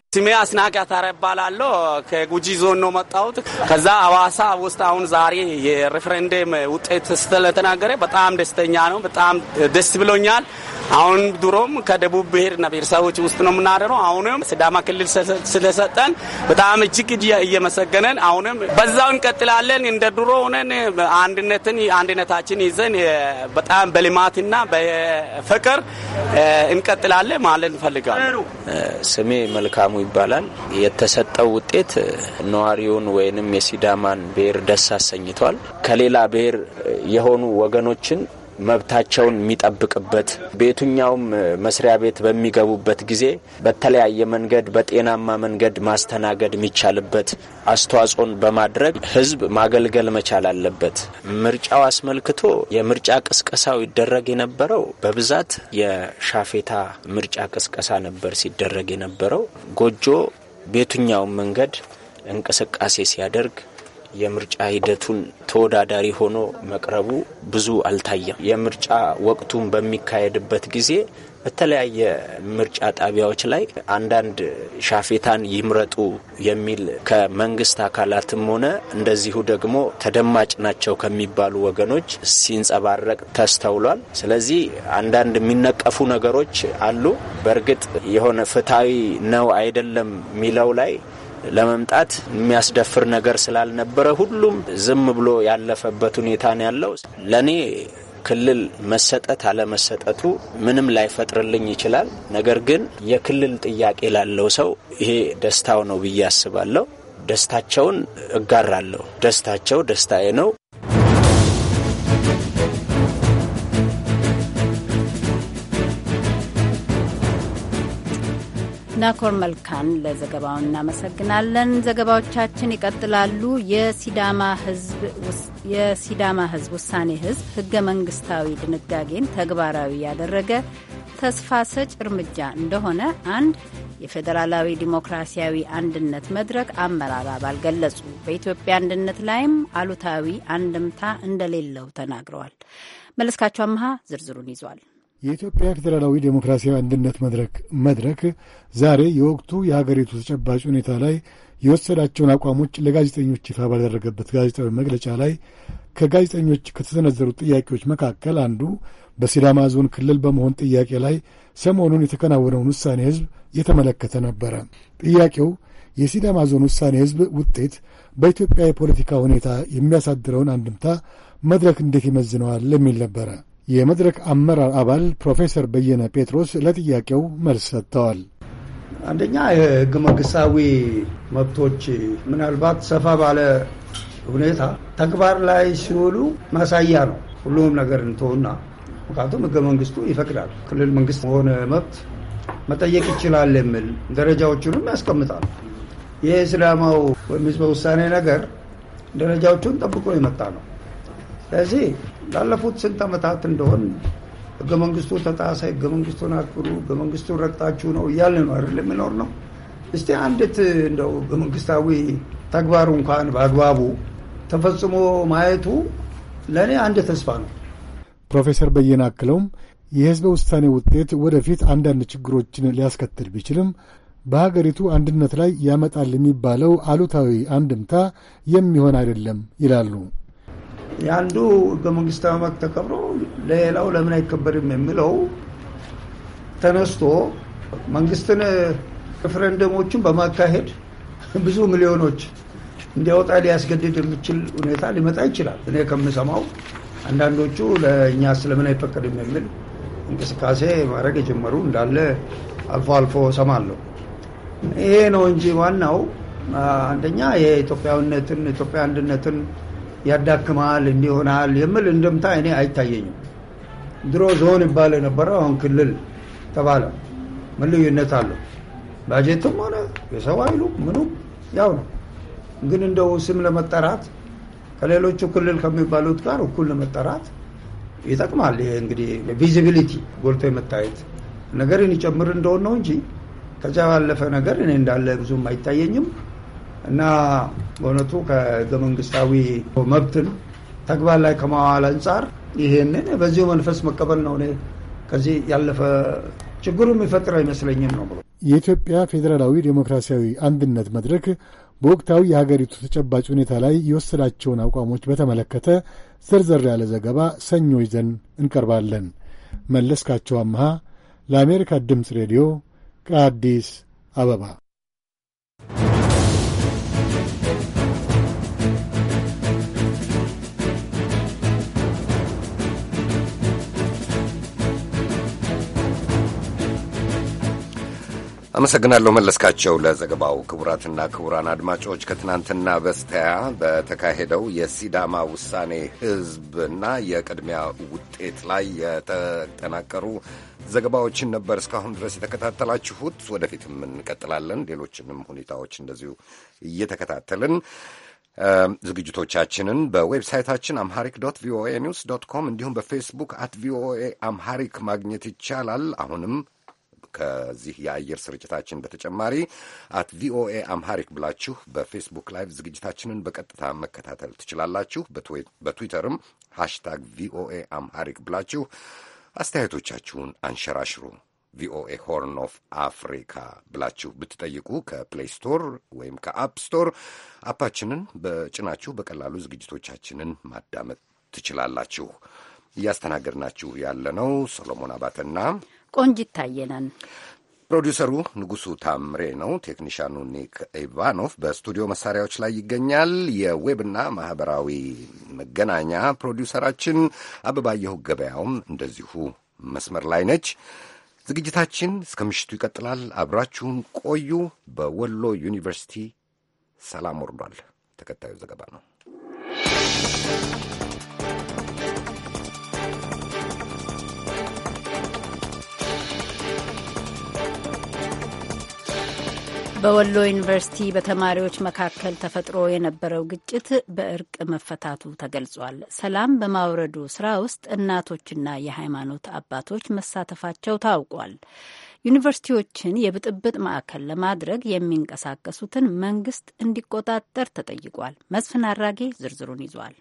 ስሜ አስናቂ አታራ ይባላለሁ። ከጉጂ ዞን ነው መጣሁት። ከዛ አዋሳ ውስጥ አሁን ዛሬ የሬፍረንደም ውጤት ስለተናገረ በጣም ደስተኛ ነው። በጣም ደስ ብሎኛል። አሁን ድሮም ከደቡብ ብሔርና ብሔረሰቦች ውስጥ ነው የምናደረው። አሁንም ስዳማ ክልል ስለሰጠን በጣም እጅግ እየመሰገነን አሁንም በዛው እንቀጥላለን። እንደ ድሮ ሆነን አንድነትን አንድነታችን ይዘን በጣም በልማትና በፍቅር እንቀጥላለን ማለት እንፈልጋለን። ስሜ መልካሙ ይባላል። የተሰጠው ውጤት ነዋሪውን ወይንም የሲዳማን ብሔር ደስ አሰኝቷል። ከሌላ ብሔር የሆኑ ወገኖችን መብታቸውን የሚጠብቅበት በየትኛውም መስሪያ ቤት በሚገቡበት ጊዜ በተለያየ መንገድ በጤናማ መንገድ ማስተናገድ የሚቻልበት አስተዋጽኦን በማድረግ ህዝብ ማገልገል መቻል አለበት። ምርጫው አስመልክቶ የምርጫ ቅስቀሳው ይደረግ የነበረው በብዛት የሻፌታ ምርጫ ቅስቀሳ ነበር ሲደረግ የነበረው ጎጆ በየትኛውም መንገድ እንቅስቃሴ ሲያደርግ የምርጫ ሂደቱን ተወዳዳሪ ሆኖ መቅረቡ ብዙ አልታየም። የምርጫ ወቅቱን በሚካሄድበት ጊዜ በተለያየ ምርጫ ጣቢያዎች ላይ አንዳንድ ሻፌታን ይምረጡ የሚል ከመንግስት አካላትም ሆነ እንደዚሁ ደግሞ ተደማጭ ናቸው ከሚባሉ ወገኖች ሲንጸባረቅ ተስተውሏል። ስለዚህ አንዳንድ የሚነቀፉ ነገሮች አሉ። በእርግጥ የሆነ ፍትሐዊ ነው አይደለም የሚለው ላይ ለመምጣት የሚያስደፍር ነገር ስላልነበረ ሁሉም ዝም ብሎ ያለፈበት ሁኔታ ነው ያለው። ለእኔ ክልል መሰጠት አለመሰጠቱ ምንም ላይፈጥርልኝ ይችላል። ነገር ግን የክልል ጥያቄ ላለው ሰው ይሄ ደስታው ነው ብዬ አስባለሁ። ደስታቸውን እጋራለሁ። ደስታቸው ደስታዬ ነው። ናኮር መልካን ለዘገባው እናመሰግናለን። ዘገባዎቻችን ይቀጥላሉ። የሲዳማ ህዝብ ውሳኔ ህዝብ ህገ መንግስታዊ ድንጋጌን ተግባራዊ ያደረገ ተስፋ ሰጭ እርምጃ እንደሆነ አንድ የፌዴራላዊ ዲሞክራሲያዊ አንድነት መድረክ አመራር አባል ገለጹ። በኢትዮጵያ አንድነት ላይም አሉታዊ አንድምታ እንደሌለው ተናግረዋል። መለስካቸው አምሃ ዝርዝሩን ይዟል። የኢትዮጵያ ፌዴራላዊ ዴሞክራሲያዊ አንድነት መድረክ መድረክ ዛሬ የወቅቱ የሀገሪቱ ተጨባጭ ሁኔታ ላይ የወሰዳቸውን አቋሞች ለጋዜጠኞች ይፋ ባደረገበት ጋዜጣዊ መግለጫ ላይ ከጋዜጠኞች ከተሰነዘሩት ጥያቄዎች መካከል አንዱ በሲዳማ ዞን ክልል በመሆን ጥያቄ ላይ ሰሞኑን የተከናወነውን ውሳኔ ሕዝብ የተመለከተ ነበረ። ጥያቄው የሲዳማ ዞን ውሳኔ ሕዝብ ውጤት በኢትዮጵያ የፖለቲካ ሁኔታ የሚያሳድረውን አንድምታ መድረክ እንዴት ይመዝነዋል? የሚል ነበረ። የመድረክ አመራር አባል ፕሮፌሰር በየነ ጴጥሮስ ለጥያቄው መልስ ሰጥተዋል። አንደኛ የህገ መንግስታዊ መብቶች ምናልባት ሰፋ ባለ ሁኔታ ተግባር ላይ ሲውሉ ማሳያ ነው። ሁሉም ነገር እንትሆና ምክንያቱም ህገ መንግስቱ ይፈቅዳል። ክልል መንግስት ሆነ መብት መጠየቅ ይችላል የሚል ደረጃዎቹንም ያስቀምጣል። ይህ እስላማው ወይም ህዝበ ውሳኔ ነገር ደረጃዎቹን ጠብቆ የመጣ ነው። ስለዚህ ላለፉት ስንት ዓመታት እንደሆን ህገ መንግስቱ ተጣሰ፣ ህገ መንግስቱን አክብሩ፣ ህገ መንግስቱን ረግጣችሁ ነው እያልን ነው አይደል የሚኖር ነው። እስቲ አንዲት እንደው ህገ መንግስታዊ ተግባሩ እንኳን በአግባቡ ተፈጽሞ ማየቱ ለእኔ አንድ ተስፋ ነው። ፕሮፌሰር በየነ አክለውም የህዝበ ውሳኔ ውጤት ወደፊት አንዳንድ ችግሮችን ሊያስከትል ቢችልም በሀገሪቱ አንድነት ላይ ያመጣል የሚባለው አሉታዊ አንድምታ የሚሆን አይደለም ይላሉ። የአንዱ ህገ መንግስታዊ መብት ተከብሮ ለሌላው ለምን አይከበርም የሚለው ተነስቶ መንግስትን ሬፍረንደሞችን በማካሄድ ብዙ ሚሊዮኖች እንዲያወጣ ሊያስገድድ የሚችል ሁኔታ ሊመጣ ይችላል። እኔ ከምሰማው አንዳንዶቹ ለእኛ ስለምን አይፈቀድም የሚል እንቅስቃሴ ማድረግ የጀመሩ እንዳለ አልፎ አልፎ ሰማለሁ። ይሄ ነው እንጂ ዋናው አንደኛ የኢትዮጵያዊነትን ኢትዮጵያ አንድነትን ያዳክማል እንዲሆናል የሚል እንደምታ እኔ አይታየኝም። ድሮ ዞን ይባል ነበረ አሁን ክልል ተባለ። ምን ልዩነት አለው? ባጀትም ሆነ የሰው ኃይሉ ምኑም ያው ነው። ግን እንደው ስም ለመጠራት ከሌሎቹ ክልል ከሚባሉት ጋር እኩል ለመጠራት ይጠቅማል። ይሄ እንግዲህ ቪዚቢሊቲ ጎልቶ የመታየት ነገርን ይጨምር እንደሆን ነው እንጂ ከዚያ ባለፈ ነገር እኔ እንዳለ ብዙም አይታየኝም። እና በእውነቱ ከህገ መንግስታዊ መብትን ተግባር ላይ ከማዋል አንጻር ይሄንን በዚሁ መንፈስ መቀበል ነው። እኔ ከዚህ ያለፈ ችግሩ የሚፈጥር አይመስለኝም ነው ብሎ የኢትዮጵያ ፌዴራላዊ ዴሞክራሲያዊ አንድነት መድረክ በወቅታዊ የሀገሪቱ ተጨባጭ ሁኔታ ላይ የወሰዳቸውን አቋሞች በተመለከተ ዘርዘር ያለ ዘገባ ሰኞ ይዘን እንቀርባለን። መለስካቸው አምሃ ለአሜሪካ ድምፅ ሬዲዮ ከአዲስ አበባ አመሰግናለሁ መለስካቸው ለዘገባው። ክቡራትና ክቡራን አድማጮች ከትናንትና በስቲያ በተካሄደው የሲዳማ ውሳኔ ሕዝብና የቅድሚያ ውጤት ላይ የተጠናቀሩ ዘገባዎችን ነበር እስካሁን ድረስ የተከታተላችሁት። ወደፊትም እንቀጥላለን። ሌሎችንም ሁኔታዎች እንደዚሁ እየተከታተልን ዝግጅቶቻችንን በዌብሳይታችን አምሃሪክ ዶት ቪኦኤ ኒውስ ዶት ኮም እንዲሁም በፌስቡክ አት ቪኦኤ አምሃሪክ ማግኘት ይቻላል። አሁንም ከዚህ የአየር ስርጭታችን በተጨማሪ አት ቪኦኤ አምሃሪክ ብላችሁ በፌስቡክ ላይቭ ዝግጅታችንን በቀጥታ መከታተል ትችላላችሁ። በትዊተርም ሃሽታግ ቪኦኤ አምሃሪክ ብላችሁ አስተያየቶቻችሁን አንሸራሽሩ። ቪኦኤ ሆርን ኦፍ አፍሪካ ብላችሁ ብትጠይቁ ከፕሌይ ስቶር ወይም ከአፕ ስቶር አፓችንን በጭናችሁ በቀላሉ ዝግጅቶቻችንን ማዳመጥ ትችላላችሁ። እያስተናገድናችሁ ያለነው ሰሎሞን አባተና ቆንጂት ታየነን። ፕሮዲውሰሩ ንጉሱ ታምሬ ነው። ቴክኒሽያኑ ኒክ ኢቫኖቭ በስቱዲዮ መሳሪያዎች ላይ ይገኛል። የዌብና ማህበራዊ መገናኛ ፕሮዲውሰራችን አበባየሁ ገበያውም እንደዚሁ መስመር ላይ ነች። ዝግጅታችን እስከ ምሽቱ ይቀጥላል። አብራችሁን ቆዩ። በወሎ ዩኒቨርሲቲ ሰላም ወርዷል። ተከታዩ ዘገባ ነው። በወሎ ዩኒቨርሲቲ በተማሪዎች መካከል ተፈጥሮ የነበረው ግጭት በእርቅ መፈታቱ ተገልጿል። ሰላም በማውረዱ ስራ ውስጥ እናቶችና የሃይማኖት አባቶች መሳተፋቸው ታውቋል። ዩኒቨርሲቲዎችን የብጥብጥ ማዕከል ለማድረግ የሚንቀሳቀሱትን መንግስት እንዲቆጣጠር ተጠይቋል። መስፍን አራጌ ዝርዝሩን ይዟል።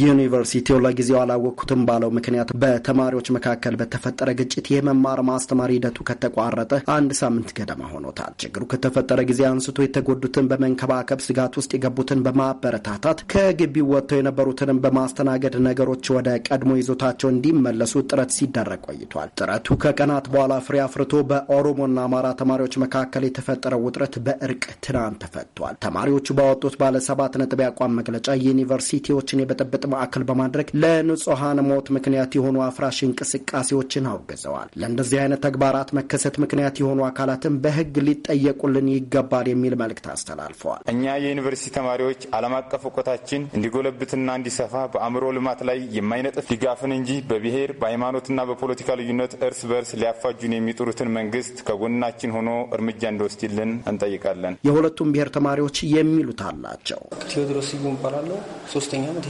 ዩኒቨርሲቲው ለጊዜው አላወቅኩትም ባለው ምክንያት በተማሪዎች መካከል በተፈጠረ ግጭት የመማር ማስተማር ሂደቱ ከተቋረጠ አንድ ሳምንት ገደማ ሆኖታል። ችግሩ ከተፈጠረ ጊዜ አንስቶ የተጎዱትን በመንከባከብ ስጋት ውስጥ የገቡትን በማበረታታት ከግቢው ወጥተው የነበሩትንም በማስተናገድ ነገሮች ወደ ቀድሞ ይዞታቸው እንዲመለሱ ጥረት ሲደረግ ቆይቷል። ጥረቱ ከቀናት በኋላ ፍሬ አፍርቶ በኦሮሞና አማራ ተማሪዎች መካከል የተፈጠረው ውጥረት በእርቅ ትናንት ተፈቷል። ተማሪዎቹ ባወጡት ባለ ሰባት ነጥብ ያቋም መግለጫ ዩኒቨርሲቲዎችን የበጠበ የለውጥ ማዕከል በማድረግ ለንጹሐን ሞት ምክንያት የሆኑ አፍራሽ እንቅስቃሴዎችን አውግዘዋል። ለእንደዚህ አይነት ተግባራት መከሰት ምክንያት የሆኑ አካላትን በህግ ሊጠየቁልን ይገባል የሚል መልእክት አስተላልፈዋል። እኛ የዩኒቨርሲቲ ተማሪዎች ዓለም አቀፍ እውቀታችን እንዲጎለብትና እንዲሰፋ በአእምሮ ልማት ላይ የማይነጥፍ ድጋፍን እንጂ በብሔር በሃይማኖትና በፖለቲካ ልዩነት እርስ በርስ ሊያፋጁን የሚጥሩትን መንግስት ከጎናችን ሆኖ እርምጃ እንዲወስድልን እንጠይቃለን። የሁለቱም ብሔር ተማሪዎች የሚሉት አላቸው። ቴዎድሮስ ስዩም ሶስተኛ ዓመት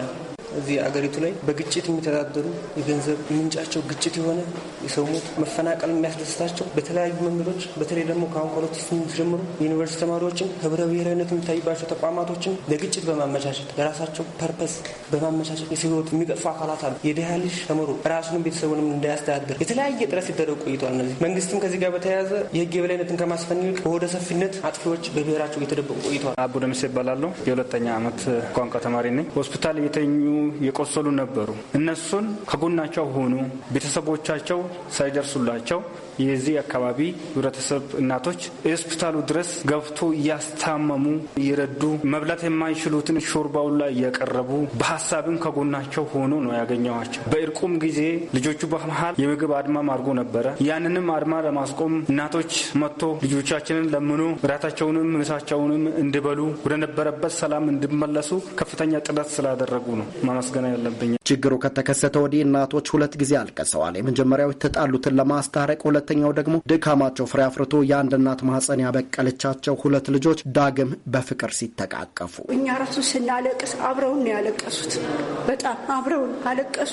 power እዚህ አገሪቱ ላይ በግጭት የሚተዳደሩ የገንዘብ ምንጫቸው ግጭት የሆነ የሰው ሞት፣ መፈናቀል የሚያስደስታቸው በተለያዩ መንገዶች በተለይ ደግሞ ከአሁን ከሁለት ጀምሮ የዩኒቨርሲቲ ተማሪዎችን ህብረ ብሔራዊነት የሚታይባቸው ተቋማቶችን ለግጭት በማመቻቸት ለራሳቸው ፐርፐስ በማመቻቸት የሰው ህይወት የሚቀጥፉ አካላት አሉ። የድሃ ልጅ ተምሮ ራሱንም ቤተሰቡንም እንዳያስተዳድር የተለያየ ጥረት ሲደረጉ ቆይቷል። እነዚህ መንግስትም ከዚህ ጋር በተያያዘ የህግ የበላይነትን ከማስፈን ይልቅ በወደ ሰፊነት አጥፊዎች በብሔራቸው እየተደበቁ ቆይተዋል። አቡ ደምስ ይባላለሁ። የሁለተኛ ዓመት ቋንቋ ተማሪ ነኝ። ሆስፒታል የተኙ የቆሰሉ ነበሩ። እነሱን ከጎናቸው ሆኑ። ቤተሰቦቻቸው ሳይደርሱላቸው የዚህ አካባቢ ህብረተሰብ እናቶች ሆስፒታሉ ድረስ ገብቶ እያስታመሙ እየረዱ መብላት የማይችሉትን ሾርባው ላይ እያቀረቡ በሀሳብም ከጎናቸው ሆኖ ነው ያገኘዋቸው። በእርቁም ጊዜ ልጆቹ በመሀል የምግብ አድማ አድርጎ ነበረ። ያንንም አድማ ለማስቆም እናቶች መጥቶ ልጆቻችንን ለምኖ ራታቸውንም ምሳቸውንም እንዲበሉ ወደ ነበረበት ሰላም እንዲመለሱ ከፍተኛ ጥረት ስላደረጉ ነው ማመስገን ያለብኝ። ችግሩ ከተከሰተ ወዲህ እናቶች ሁለት ጊዜ አልቀሰዋል። የመጀመሪያው የተጣሉትን ለማስታረቅ፣ ሁለት ሁለተኛው ደግሞ ድካማቸው ፍሬ አፍርቶ የአንድ እናት ማህፀን ያበቀለቻቸው ሁለት ልጆች ዳግም በፍቅር ሲተቃቀፉ እኛ ራሱ ስናለቅስ አብረውን ያለቀሱት። በጣም አብረውን አለቀሱ።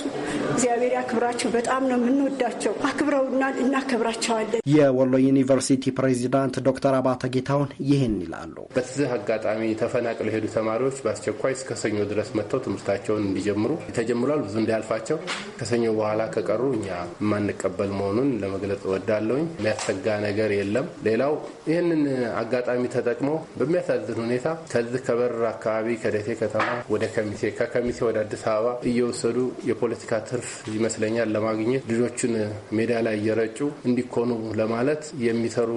እግዚአብሔር ያክብራቸው። በጣም ነው የምንወዳቸው። አክብረውናል፣ እናከብራቸዋለን። የወሎ ዩኒቨርሲቲ ፕሬዚዳንት ዶክተር አባተ ጌታሁን ይህን ይላሉ። በዚህ አጋጣሚ ተፈናቅለው የሄዱ ተማሪዎች በአስቸኳይ እስከ ሰኞ ድረስ መጥተው ትምህርታቸውን እንዲጀምሩ ተጀምሯል። ብዙ እንዲያልፋቸው ከሰኞ በኋላ ከቀሩ እኛ የማንቀበል መሆኑን ለመግለጽ እወዳለሁኝ። የሚያሰጋ ነገር የለም። ሌላው ይህንን አጋጣሚ ተጠቅሞ በሚያሳዝን ሁኔታ ከዚህ ከበር አካባቢ ከደሴ ከተማ ወደ ከሚሴ ከከሚሴ ወደ አዲስ አበባ እየወሰዱ የፖለቲካ ትርፍ ይመስለኛል ለማግኘት ልጆችን ሜዳ ላይ እየረጩ እንዲኮኑ ለማለት የሚሰሩ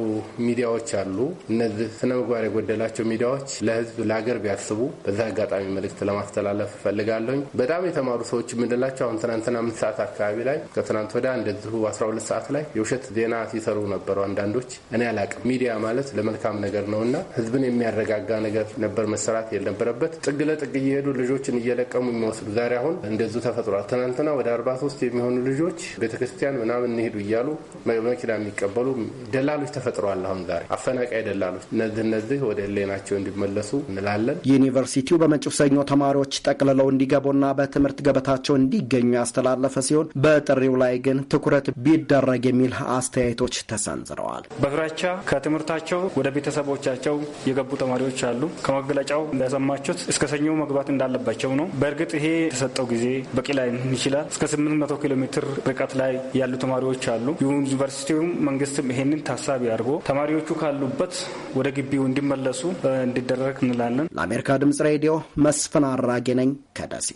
ሚዲያዎች አሉ። እነዚህ ስነ ምግባር የጎደላቸው ሚዲያዎች ለህዝብ ለሀገር ቢያስቡ በዛ አጋጣሚ መልእክት ለማስተላለፍ እፈልጋለሁኝ። በጣም የተማሩ ሰዎች የምንላቸው አሁን ትናንትና አምስት ሰዓት አካባቢ ላይ ከትናንት ወዲያ እንደዚሁ አስራ ሁለት ሰዓት ላይ የውሸት ዜና ሲሰሩ ነበሩ አንዳንዶች። እኔ አላቅም። ሚዲያ ማለት ለመልካም ነገር ነው እና ህዝብን የሚያረጋጋ ነገር ነበር መሰራት የነበረበት። ጥግ ለጥግ እየሄዱ ልጆችን እየለቀሙ የሚወስዱ ዛሬ አሁን እንደዚሁ ተፈጥሯል። ትናንትና ወደ 43 የሚሆኑ ልጆች ቤተክርስቲያን ምናምን እንሄዱ እያሉ በመኪና የሚቀበሉ ደላሎች ተፈጥረዋል። አሁን ዛሬ አፈናቃይ ደላሎች። እነዚህ እነዚህ ወደ ህሌናቸው እንዲመለሱ እንላለን። ዩኒቨርሲቲው በመጪው ሰኞ ተማሪዎች ጠቅልለው እንዲገቡና በትምህርት ገበታቸው እንዲገኙ ያስተላለፈ ሲሆን በጥሪው ላይ ግን ትኩረት ቢደረግ የሚል አስተያየቶች ተሰንዝረዋል። በፍራቻ ከትምህርታቸው ወደ ቤተሰቦቻቸው የገቡ ተማሪዎች አሉ። ከመግለጫው እንደሰማችሁት እስከ ሰኞ መግባት እንዳለባቸው ነው። በእርግጥ ይሄ የተሰጠው ጊዜ በቂ ላይ ይችላል። እስከ 800 ኪሎ ሜትር ርቀት ላይ ያሉ ተማሪዎች አሉ። ዩኒቨርሲቲውም መንግስትም ይሄንን ታሳቢ አድርጎ ተማሪዎቹ ካሉበት ወደ ግቢው እንዲመለሱ እንዲደረግ እንላለን። ለአሜሪካ ድምጽ ሬዲዮ መስፍን አራጌ ነኝ ከደሴ።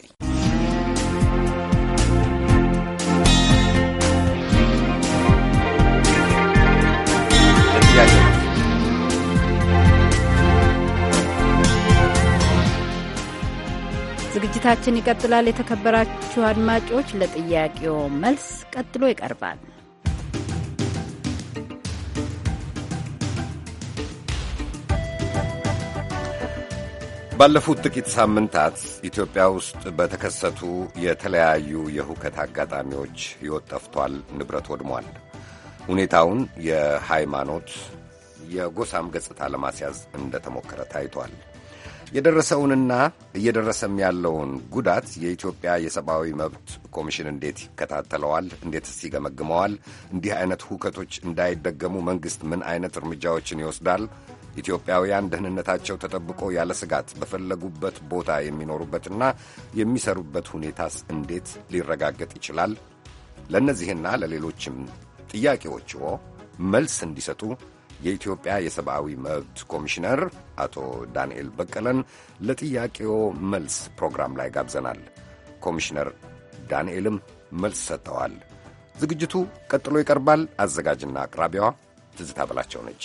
ዝግጅታችን ይቀጥላል። የተከበራችሁ አድማጮች፣ ለጥያቄው መልስ ቀጥሎ ይቀርባል። ባለፉት ጥቂት ሳምንታት ኢትዮጵያ ውስጥ በተከሰቱ የተለያዩ የሁከት አጋጣሚዎች ሕይወት ጠፍቷል፣ ንብረት ወድሟል። ሁኔታውን የሃይማኖት የጎሳም ገጽታ ለማስያዝ እንደተሞከረ ታይቷል። የደረሰውንና እየደረሰም ያለውን ጉዳት የኢትዮጵያ የሰብአዊ መብት ኮሚሽን እንዴት ይከታተለዋል? እንዴትስ ይገመግመዋል? እንዲህ አይነት ሁከቶች እንዳይደገሙ መንግሥት ምን አይነት እርምጃዎችን ይወስዳል? ኢትዮጵያውያን ደህንነታቸው ተጠብቆ ያለ ስጋት በፈለጉበት ቦታ የሚኖሩበትና የሚሰሩበት ሁኔታስ እንዴት ሊረጋገጥ ይችላል? ለእነዚህና ለሌሎችም ጥያቄዎችዎ መልስ እንዲሰጡ የኢትዮጵያ የሰብአዊ መብት ኮሚሽነር አቶ ዳንኤል በቀለን ለጥያቄው መልስ ፕሮግራም ላይ ጋብዘናል። ኮሚሽነር ዳንኤልም መልስ ሰጥተዋል። ዝግጅቱ ቀጥሎ ይቀርባል። አዘጋጅና አቅራቢዋ ትዝታ በላቸው ነች።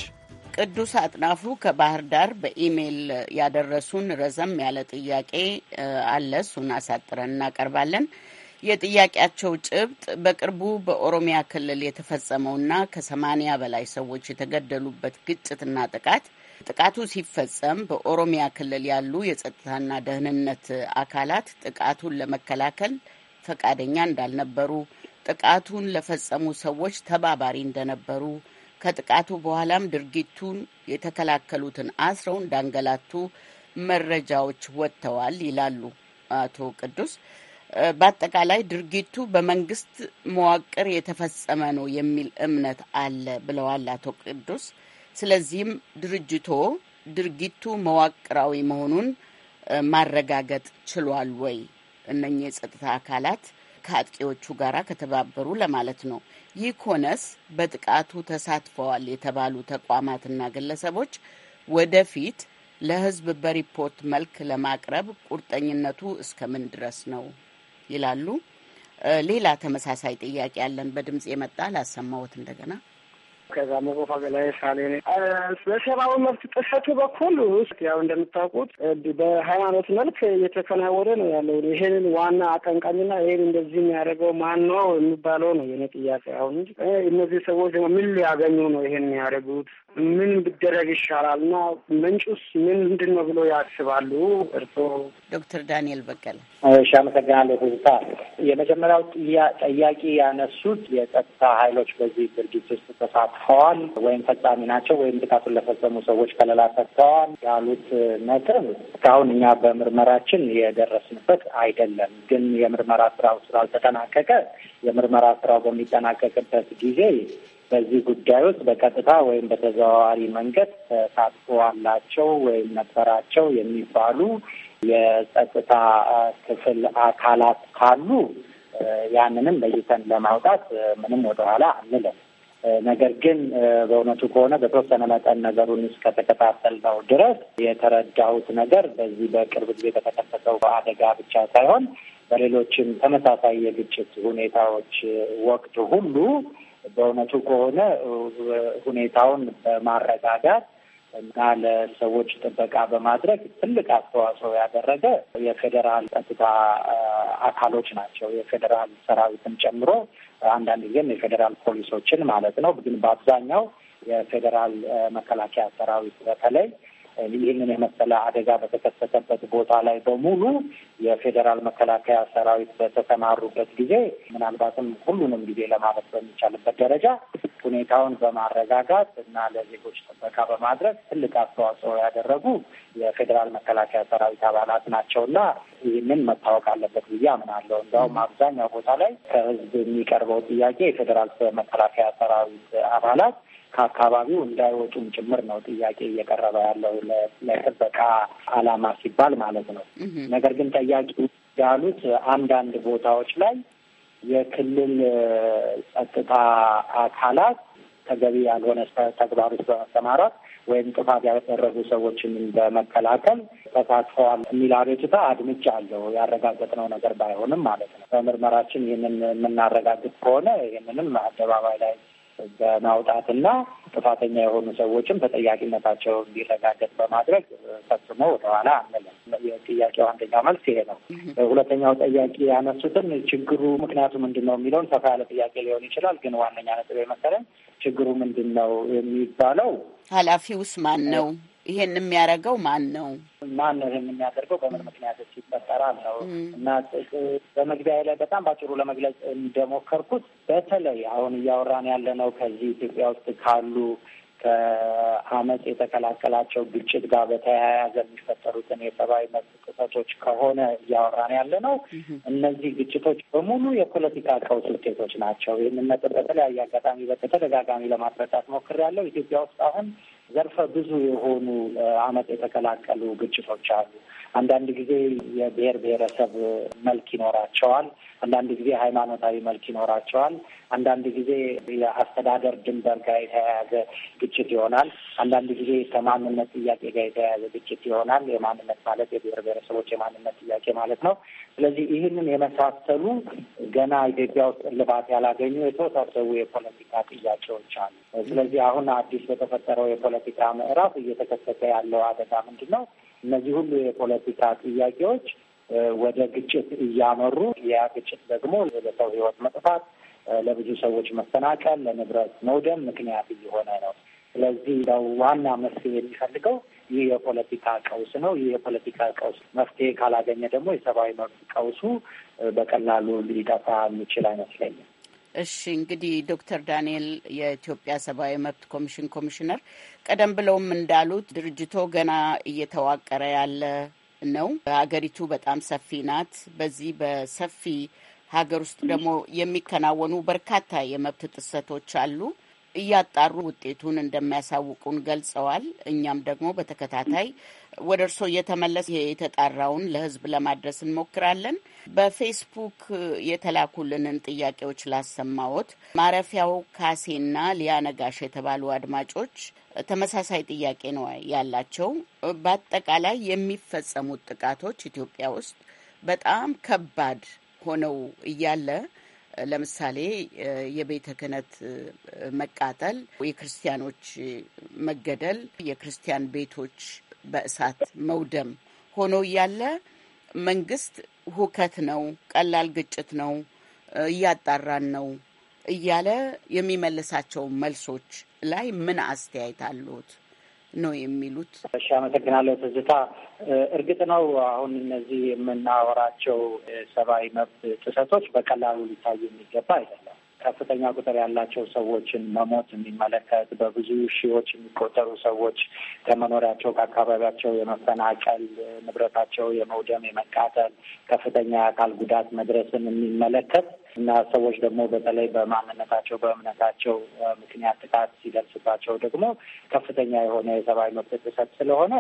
ቅዱስ አጥናፉ ከባህር ዳር በኢሜይል ያደረሱን ረዘም ያለ ጥያቄ አለ። እሱን አሳጥረን እናቀርባለን። የጥያቄያቸው ጭብጥ በቅርቡ በኦሮሚያ ክልል የተፈጸመውና ከሰማንያ በላይ ሰዎች የተገደሉበት ግጭትና ጥቃት ጥቃቱ ሲፈጸም በኦሮሚያ ክልል ያሉ የጸጥታና ደህንነት አካላት ጥቃቱን ለመከላከል ፈቃደኛ እንዳልነበሩ፣ ጥቃቱን ለፈጸሙ ሰዎች ተባባሪ እንደነበሩ፣ ከጥቃቱ በኋላም ድርጊቱን የተከላከሉትን አስረው እንዳንገላቱ መረጃዎች ወጥተዋል ይላሉ አቶ ቅዱስ። በአጠቃላይ ድርጊቱ በመንግስት መዋቅር የተፈጸመ ነው የሚል እምነት አለ ብለዋል አቶ ቅዱስ። ስለዚህም ድርጅቶ ድርጊቱ መዋቅራዊ መሆኑን ማረጋገጥ ችሏል ወይ? እነኚህ የጸጥታ አካላት ከአጥቂዎቹ ጋር ከተባበሩ ለማለት ነው። ይህ ኮነስ በጥቃቱ ተሳትፈዋል የተባሉ ተቋማትና ግለሰቦች ወደፊት ለህዝብ በሪፖርት መልክ ለማቅረብ ቁርጠኝነቱ እስከምን ድረስ ነው? ይላሉ። ሌላ ተመሳሳይ ጥያቄ ያለን በድምጽ የመጣ ላሰማዎት እንደገና ከዛ መቆፋ በላይ ሳሌ በሰብአዊ መብት ጥሰቱ በኩል ውስጥ ያው እንደምታውቁት በሃይማኖት መልክ እየተከናወነ ነው ያለው። ይሄንን ዋና አቀንቃኝና ይሄን እንደዚህ የሚያደርገው ማን ነው የሚባለው ነው የኔ ጥያቄ። አሁን እንጂ እነዚህ ሰዎች ደግሞ ምን ሊያገኙ ነው ይሄን የሚያደርጉት? ምን ብደረግ ይሻላል እና ምንጩስ ምንድን ነው ብሎ ያስባሉ? እርሶ ዶክተር ዳንኤል በቀለ እሺ፣ አመሰግናለሁ ትዝታ። የመጀመሪያው ጠያቂ ያነሱት የጸጥታ ኃይሎች በዚህ ድርጊት ውስጥ ተሳትፈዋል ወይም ፈጻሚ ናቸው ወይም ጥቃቱን ለፈጸሙ ሰዎች ከለላ ሰጥተዋል ያሉት ነጥብ እስካሁን እኛ በምርመራችን የደረስንበት አይደለም። ግን የምርመራ ስራው ስላልተጠናቀቀ የምርመራ ስራው በሚጠናቀቅበት ጊዜ በዚህ ጉዳይ ውስጥ በቀጥታ ወይም በተዘዋዋሪ መንገድ ተሳትፎ አላቸው ወይም ነበራቸው የሚባሉ የጸጥታ ክፍል አካላት ካሉ ያንንም ለይተን ለማውጣት ምንም ወደኋላ አንልም። ነገር ግን በእውነቱ ከሆነ በተወሰነ መጠን ነገሩን እስከተከታተልነው ድረስ የተረዳሁት ነገር በዚህ በቅርብ ጊዜ በተከሰተው አደጋ ብቻ ሳይሆን በሌሎችም ተመሳሳይ የግጭት ሁኔታዎች ወቅት ሁሉ በእውነቱ ከሆነ ሁኔታውን በማረጋጋት እና ለሰዎች ጥበቃ በማድረግ ትልቅ አስተዋጽኦ ያደረገ የፌዴራል ጸጥታ አካሎች ናቸው። የፌዴራል ሰራዊትን ጨምሮ አንዳንድ ጊዜም የፌዴራል ፖሊሶችን ማለት ነው። ግን በአብዛኛው የፌዴራል መከላከያ ሰራዊት በተለይ ይህንን የመሰለ አደጋ በተከሰተበት ቦታ ላይ በሙሉ የፌዴራል መከላከያ ሰራዊት በተሰማሩበት ጊዜ ምናልባትም ሁሉንም ጊዜ ለማለት በሚቻልበት ደረጃ ሁኔታውን በማረጋጋት እና ለዜጎች ጥበቃ በማድረግ ትልቅ አስተዋጽኦ ያደረጉ የፌዴራል መከላከያ ሰራዊት አባላት ናቸው እና ይህንን መታወቅ አለበት ብዬ አምናለሁ። እንዲያውም አብዛኛው ቦታ ላይ ከህዝብ የሚቀርበው ጥያቄ የፌዴራል መከላከያ ሰራዊት አባላት ከአካባቢው እንዳይወጡም ጭምር ነው ጥያቄ እየቀረበ ያለው ለጥበቃ አላማ ሲባል ማለት ነው። ነገር ግን ጠያቂ ያሉት አንዳንድ ቦታዎች ላይ የክልል ጸጥታ አካላት ተገቢ ያልሆነ ተግባር ውስጥ በመሰማራት ወይም ጥፋት ያደረጉ ሰዎችን በመከላከል ተሳትፈዋል የሚል አቤቱታ አድምጫ አለው። ያረጋገጥነው ነገር ባይሆንም ማለት ነው። በምርመራችን ይህንን የምናረጋግጥ ከሆነ ይህንንም አደባባይ ላይ በማውጣትና ጥፋተኛ የሆኑ ሰዎችም ተጠያቂነታቸው እንዲረጋገጥ በማድረግ ፈጽሞ ወደኋላ አንልም። የጥያቄው አንደኛው መልስ ይሄ ነው። ሁለተኛው ጥያቄ ያነሱትን ችግሩ ምክንያቱ ምንድን ነው የሚለውን ሰፋ ያለ ጥያቄ ሊሆን ይችላል። ግን ዋነኛ ነጥብ መሰለኝ ችግሩ ምንድን ነው የሚባለው ኃላፊውስ ማን ነው ይሄን የሚያደርገው ማን ነው? ማን ነው ይሄን የሚያደርገው? በምን ምክንያት ይፈጠራል ነው እና በመግቢያ ላይ በጣም ባጭሩ ለመግለጽ እንደሞከርኩት በተለይ አሁን እያወራን ያለ ነው ከዚህ ኢትዮጵያ ውስጥ ካሉ ከአመፅ የተቀላቀላቸው ግጭት ጋር በተያያዘ የሚፈጠሩትን የሰብአዊ መብት ጥሰቶች ከሆነ እያወራን ያለ ነው። እነዚህ ግጭቶች በሙሉ የፖለቲካ ቀውስ ውጤቶች ናቸው። ይህንን ነጥብ በተለያየ አጋጣሚ በተደጋጋሚ ለማስረዳት ሞክሬያለሁ። ኢትዮጵያ ውስጥ አሁን ዘርፈ ብዙ የሆኑ አመጽ የተቀላቀሉ ግጭቶች አሉ። አንዳንድ ጊዜ የብሔር ብሔረሰብ መልክ ይኖራቸዋል። አንዳንድ ጊዜ ሃይማኖታዊ መልክ ይኖራቸዋል። አንዳንድ ጊዜ የአስተዳደር ድንበር ጋር የተያያዘ ግጭት ይሆናል። አንዳንድ ጊዜ ከማንነት ጥያቄ ጋር የተያያዘ ግጭት ይሆናል። የማንነት ማለት የብሔር ብሔረሰቦች የማንነት ጥያቄ ማለት ነው። ስለዚህ ይህንን የመሳሰሉ ገና ኢትዮጵያ ውስጥ እልባት ያላገኙ የተወሳሰቡ የፖለቲካ ጥያቄዎች አሉ። ስለዚህ አሁን አዲስ በተፈጠረው የፖለቲካ ምዕራፍ እየተከሰተ ያለው አደጋ ምንድን ነው? እነዚህ ሁሉ የፖለቲካ ጥያቄዎች ወደ ግጭት እያመሩ ያ ግጭት ደግሞ ለሰው ህይወት መጥፋት፣ ለብዙ ሰዎች መፈናቀል፣ ለንብረት መውደም ምክንያት እየሆነ ነው። ስለዚህ ው ዋና መፍትሄ የሚፈልገው ይህ የፖለቲካ ቀውስ ነው። ይህ የፖለቲካ ቀውስ መፍትሄ ካላገኘ ደግሞ የሰብአዊ መብት ቀውሱ በቀላሉ ሊጠፋ የሚችል አይመስለኝም። እሺ እንግዲህ ዶክተር ዳንኤል የኢትዮጵያ ሰብአዊ መብት ኮሚሽን ኮሚሽነር፣ ቀደም ብለውም እንዳሉት ድርጅቶ ገና እየተዋቀረ ያለ ነው። ሀገሪቱ በጣም ሰፊ ናት። በዚህ በሰፊ ሀገር ውስጥ ደግሞ የሚከናወኑ በርካታ የመብት ጥሰቶች አሉ። እያጣሩ ውጤቱን እንደሚያሳውቁን ገልጸዋል። እኛም ደግሞ በተከታታይ ወደ እርስዎ እየተመለስ የተጣራውን ለህዝብ ለማድረስ እንሞክራለን። በፌስቡክ የተላኩልንን ጥያቄዎች ላሰማዎት። ማረፊያው ካሴና ሊያነጋሽ የተባሉ አድማጮች ተመሳሳይ ጥያቄ ነው ያላቸው። በአጠቃላይ የሚፈጸሙት ጥቃቶች ኢትዮጵያ ውስጥ በጣም ከባድ ሆነው እያለ ለምሳሌ የቤተ ክህነት መቃጠል፣ የክርስቲያኖች መገደል፣ የክርስቲያን ቤቶች በእሳት መውደም ሆኖ እያለ መንግስት ሁከት ነው፣ ቀላል ግጭት ነው፣ እያጣራን ነው እያለ የሚመልሳቸው መልሶች ላይ ምን አስተያየት አሉት ነው የሚሉት? እሺ፣ አመሰግናለሁ ትዝታ። እርግጥ ነው አሁን እነዚህ የምናወራቸው ሰብአዊ መብት ጥሰቶች በቀላሉ ሊታዩ የሚገባ አይደለም። ከፍተኛ ቁጥር ያላቸው ሰዎችን መሞት የሚመለከት በብዙ ሺዎች የሚቆጠሩ ሰዎች ከመኖሪያቸው ከአካባቢያቸው የመፈናቀል ንብረታቸው የመውደም የመቃጠል ከፍተኛ የአካል ጉዳት መድረስን የሚመለከት እና ሰዎች ደግሞ በተለይ በማንነታቸው በእምነታቸው ምክንያት ጥቃት ሲደርስባቸው ደግሞ ከፍተኛ የሆነ የሰብአዊ መብት ጥሰት ስለሆነ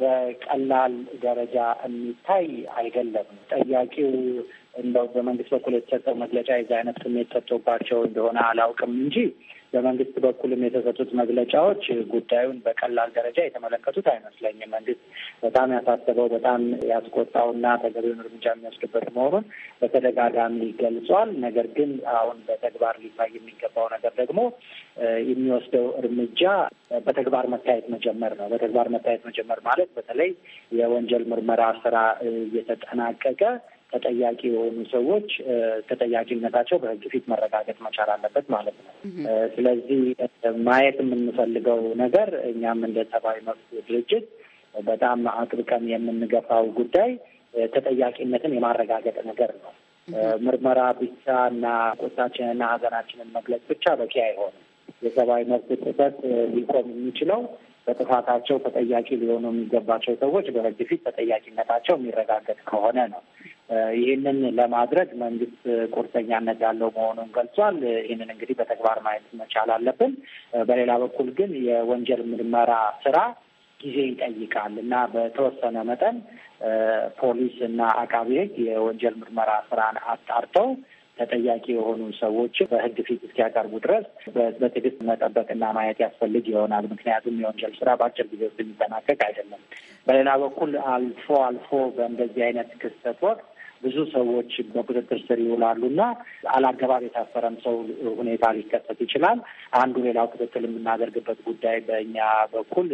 በቀላል ደረጃ የሚታይ አይደለም። ጠያቂው እንደው በመንግስት በኩል የተሰጠው መግለጫ የዚህ አይነት ስሜት ሰጥቶባቸው እንደሆነ አላውቅም እንጂ በመንግስት በኩልም የተሰጡት መግለጫዎች ጉዳዩን በቀላል ደረጃ የተመለከቱት አይመስለኝም። መንግስት በጣም ያሳሰበው በጣም ያስቆጣውና ተገቢውን እርምጃ የሚወስድበት መሆኑን በተደጋጋሚ ገልጿል። ነገር ግን አሁን በተግባር ሊታይ የሚገባው ነገር ደግሞ የሚወስደው እርምጃ በተግባር መታየት መጀመር ነው። በተግባር መታየት መጀመር ማለት በተለይ የወንጀል ምርመራ ስራ እየተጠናቀቀ ተጠያቂ የሆኑ ሰዎች ተጠያቂነታቸው በህግ ፊት መረጋገጥ መቻል አለበት ማለት ነው። ስለዚህ ማየት የምንፈልገው ነገር እኛም እንደ ሰብአዊ መብት ድርጅት በጣም አጥብቀን የምንገፋው ጉዳይ ተጠያቂነትን የማረጋገጥ ነገር ነው። ምርመራ ብቻ እና ቁጣችንና ሀዘናችንን መግለጽ ብቻ በቂ አይሆንም። የሰብአዊ መብት ጥሰት ሊቆም የሚችለው በጥፋታቸው ተጠያቂ ሊሆኑ የሚገባቸው ሰዎች በህግ ፊት ተጠያቂነታቸው የሚረጋገጥ ከሆነ ነው። ይህንን ለማድረግ መንግስት ቁርጠኛነት ያለው መሆኑን ገልጿል። ይህንን እንግዲህ በተግባር ማየት መቻል አለብን። በሌላ በኩል ግን የወንጀል ምርመራ ስራ ጊዜ ይጠይቃል እና በተወሰነ መጠን ፖሊስ እና አቃቢ ሕግ የወንጀል ምርመራ ስራን አጣርተው ተጠያቂ የሆኑ ሰዎች በህግ ፊት እስኪያቀርቡ ድረስ በትዕግስት መጠበቅና ማየት ያስፈልግ ይሆናል። ምክንያቱም የወንጀል ስራ በአጭር ጊዜ ውስጥ የሚጠናቀቅ አይደለም። በሌላ በኩል አልፎ አልፎ በእንደዚህ አይነት ክስተት ወቅት ብዙ ሰዎች በቁጥጥር ስር ይውላሉ እና አላገባብ የታሰረም ሰው ሁኔታ ሊከሰት ይችላል። አንዱ ሌላው ክትትል የምናደርግበት ጉዳይ በእኛ በኩል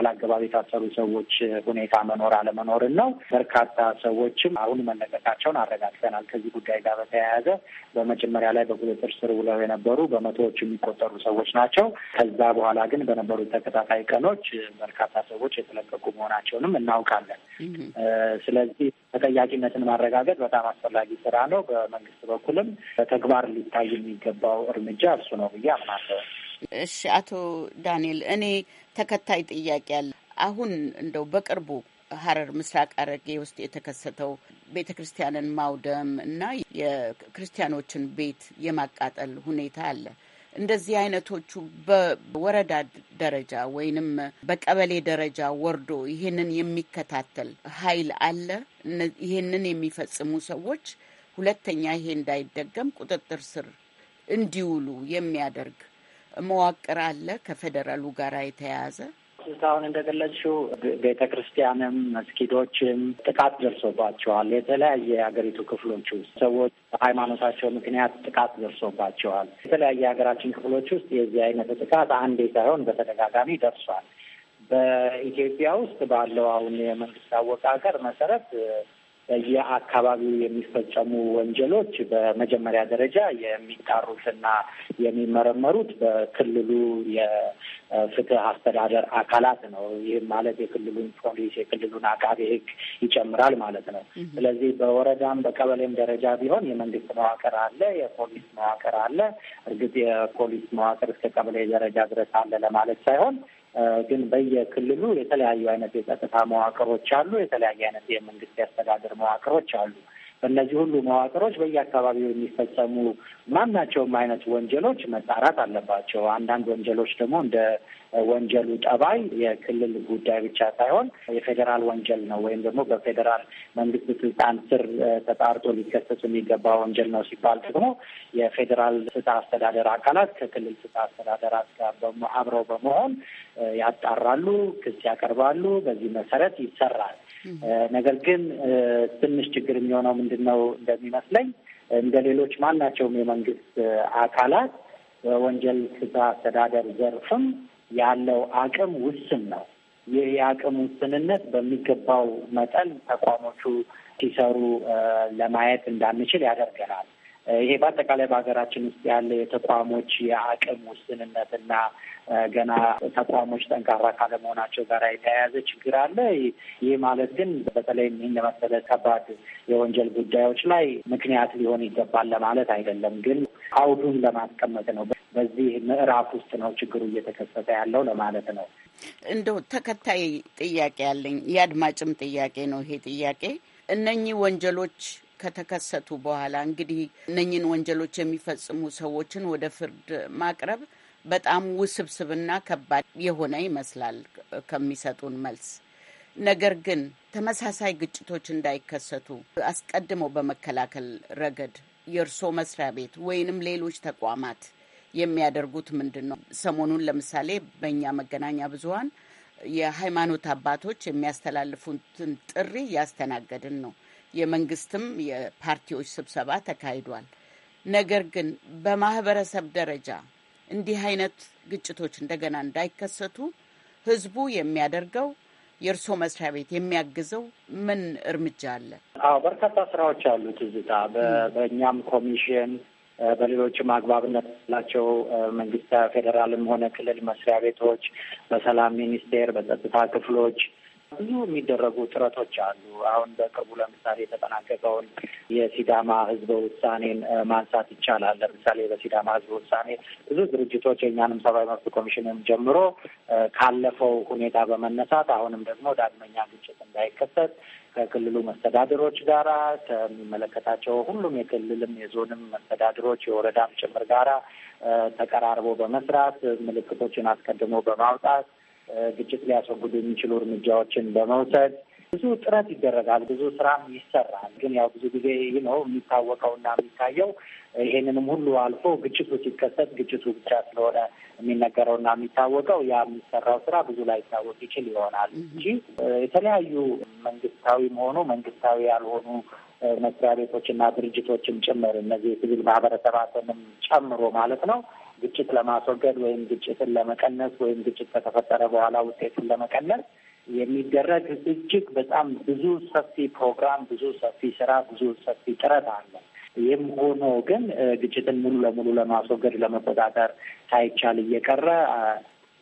አላገባብ የታሰሩ ሰዎች ሁኔታ መኖር አለመኖርን ነው። በርካታ ሰዎችም አሁን መለቀቃቸውን አረጋግጠናል። ከዚህ ጉዳይ ጋር በተያያዘ በመጀመሪያ ላይ በቁጥጥር ስር ውለው የነበሩ በመቶዎች የሚቆጠሩ ሰዎች ናቸው። ከዛ በኋላ ግን በነበሩት ተከታታይ ቀኖች በርካታ ሰዎች የተለቀቁ መሆናቸውንም እናውቃለን። ስለዚህ ተጠያቂነትን ማረጋ። ማስተናገድ በጣም አስፈላጊ ስራ ነው። በመንግስት በኩልም በተግባር ሊታይ የሚገባው እርምጃ እሱ ነው ብዬ አምናለሁ። እሺ፣ አቶ ዳንኤል እኔ ተከታይ ጥያቄ አለ። አሁን እንደው በቅርቡ ሀረር ምስራቅ አረጌ ውስጥ የተከሰተው ቤተ ክርስቲያንን ማውደም እና የክርስቲያኖችን ቤት የማቃጠል ሁኔታ አለ። እንደዚህ አይነቶቹ በወረዳ ደረጃ ወይንም በቀበሌ ደረጃ ወርዶ ይህንን የሚከታተል ኃይል አለ። ይህንን የሚፈጽሙ ሰዎች ሁለተኛ ይሄ እንዳይደገም ቁጥጥር ስር እንዲውሉ የሚያደርግ መዋቅር አለ ከፌዴራሉ ጋር የተያያዘ አሁን እንደገለጽሽው ቤተ ክርስቲያንም መስጊዶችም ጥቃት ደርሶባቸዋል። የተለያየ የሀገሪቱ ክፍሎች ውስጥ ሰዎች በሃይማኖታቸው ምክንያት ጥቃት ደርሶባቸዋል። የተለያየ የሀገራችን ክፍሎች ውስጥ የዚህ አይነት ጥቃት አንዴ ሳይሆን በተደጋጋሚ ደርሷል። በኢትዮጵያ ውስጥ ባለው አሁን የመንግስት አወቃቀር መሰረት በየአካባቢው የሚፈጸሙ ወንጀሎች በመጀመሪያ ደረጃ እና የሚመረመሩት በክልሉ የፍትህ አስተዳደር አካላት ነው። ይህም ማለት የክልሉን ፖሊስ፣ የክልሉን አቃቤ ሕግ ይጨምራል ማለት ነው። ስለዚህ በወረዳም በቀበሌም ደረጃ ቢሆን የመንግስት መዋቅር አለ፣ የፖሊስ መዋቅር አለ። እርግጥ የፖሊስ መዋቅር እስከ ቀበሌ ደረጃ ድረስ አለ ለማለት ሳይሆን ግን በየክልሉ የተለያዩ አይነት የጸጥታ መዋቅሮች አሉ። የተለያዩ አይነት የመንግስት የአስተዳደር መዋቅሮች አሉ። በእነዚህ ሁሉ መዋቅሮች በየአካባቢው የሚፈጸሙ ማናቸውም አይነት ወንጀሎች መጣራት አለባቸው። አንዳንድ ወንጀሎች ደግሞ እንደ ወንጀሉ ጠባይ የክልል ጉዳይ ብቻ ሳይሆን የፌዴራል ወንጀል ነው ወይም ደግሞ በፌዴራል መንግስት ስልጣን ስር ተጣርቶ ሊከሰሱ የሚገባ ወንጀል ነው ሲባል ደግሞ የፌዴራል ፍትህ አስተዳደር አካላት ከክልል ፍትህ አስተዳደራት ጋር አብረው በመሆን ያጣራሉ፣ ክስ ያቀርባሉ። በዚህ መሰረት ይሰራል። ነገር ግን ትንሽ ችግር የሚሆነው ምንድን ነው እንደሚመስለኝ እንደ ሌሎች ማናቸውም የመንግስት አካላት በወንጀል ፍትህ አስተዳደር ዘርፍም ያለው አቅም ውስን ነው። ይህ የአቅም ውስንነት በሚገባው መጠን ተቋሞቹ ሲሰሩ ለማየት እንዳንችል ያደርገናል። ይሄ በአጠቃላይ በሀገራችን ውስጥ ያለ የተቋሞች የአቅም ውስንነት እና ገና ተቋሞች ጠንካራ ካለመሆናቸው ጋር የተያያዘ ችግር አለ። ይህ ማለት ግን በተለይም ይህን ለመሰለ ከባድ የወንጀል ጉዳዮች ላይ ምክንያት ሊሆን ይገባል ለማለት አይደለም፣ ግን አውዱን ለማስቀመጥ ነው። በዚህ ምዕራፍ ውስጥ ነው ችግሩ እየተከሰተ ያለው ለማለት ነው። እንደው ተከታይ ጥያቄ ያለኝ የአድማጭም ጥያቄ ነው። ይሄ ጥያቄ እነኚህ ወንጀሎች ከተከሰቱ በኋላ እንግዲህ እነኚህን ወንጀሎች የሚፈጽሙ ሰዎችን ወደ ፍርድ ማቅረብ በጣም ውስብስብና ከባድ የሆነ ይመስላል ከሚሰጡን መልስ። ነገር ግን ተመሳሳይ ግጭቶች እንዳይከሰቱ አስቀድመው በመከላከል ረገድ የእርሶ መስሪያ ቤት ወይንም ሌሎች ተቋማት የሚያደርጉት ምንድን ነው? ሰሞኑን ለምሳሌ በእኛ መገናኛ ብዙኃን የሃይማኖት አባቶች የሚያስተላልፉትን ጥሪ እያስተናገድን ነው። የመንግስትም የፓርቲዎች ስብሰባ ተካሂዷል። ነገር ግን በማህበረሰብ ደረጃ እንዲህ አይነት ግጭቶች እንደገና እንዳይከሰቱ ህዝቡ የሚያደርገው የእርስዎ መስሪያ ቤት የሚያግዘው ምን እርምጃ አለ? አዎ፣ በርካታ ስራዎች አሉ ትዝታ። በእኛም ኮሚሽን በሌሎችም አግባብነት ያላቸው መንግስት ፌዴራልም ሆነ ክልል መስሪያ ቤቶች፣ በሰላም ሚኒስቴር፣ በጸጥታ ክፍሎች ብዙ የሚደረጉ ጥረቶች አሉ። አሁን በቅርቡ ለምሳሌ የተጠናቀቀውን የሲዳማ ህዝበ ውሳኔን ማንሳት ይቻላል። ለምሳሌ በሲዳማ ህዝበ ውሳኔ ብዙ ድርጅቶች የእኛንም ሰብአዊ መብት ኮሚሽንም ጀምሮ ካለፈው ሁኔታ በመነሳት አሁንም ደግሞ ዳግመኛ ግጭት እንዳይከሰት ከክልሉ መስተዳድሮች ጋራ ከሚመለከታቸው ሁሉም የክልልም የዞንም መስተዳድሮች የወረዳም ጭምር ጋራ ተቀራርቦ በመስራት ምልክቶችን አስቀድሞ በማውጣት ግጭት ሊያስወግዱ የሚችሉ እርምጃዎችን በመውሰድ ብዙ ጥረት ይደረጋል። ብዙ ስራም ይሰራል። ግን ያው ብዙ ጊዜ ነው የሚታወቀው እና የሚታየው ይሄንንም ሁሉ አልፎ ግጭቱ ሲከሰት ግጭቱ ብቻ ስለሆነ የሚነገረውና የሚታወቀው ያ የሚሰራው ስራ ብዙ ላይ ይታወቅ ይችል ይሆናል እንጂ የተለያዩ መንግስታዊም ሆኑ መንግስታዊ ያልሆኑ መስሪያ ቤቶችና ድርጅቶችም ጭምር እነዚህ ሲቪል ማህበረሰባትንም ጨምሮ ማለት ነው ግጭት ለማስወገድ ወይም ግጭትን ለመቀነስ ወይም ግጭት ከተፈጠረ በኋላ ውጤቱን ለመቀነስ የሚደረግ እጅግ በጣም ብዙ ሰፊ ፕሮግራም፣ ብዙ ሰፊ ስራ፣ ብዙ ሰፊ ጥረት አለ። ይህም ሆኖ ግን ግጭትን ሙሉ ለሙሉ ለማስወገድ ለመቆጣጠር ሳይቻል እየቀረ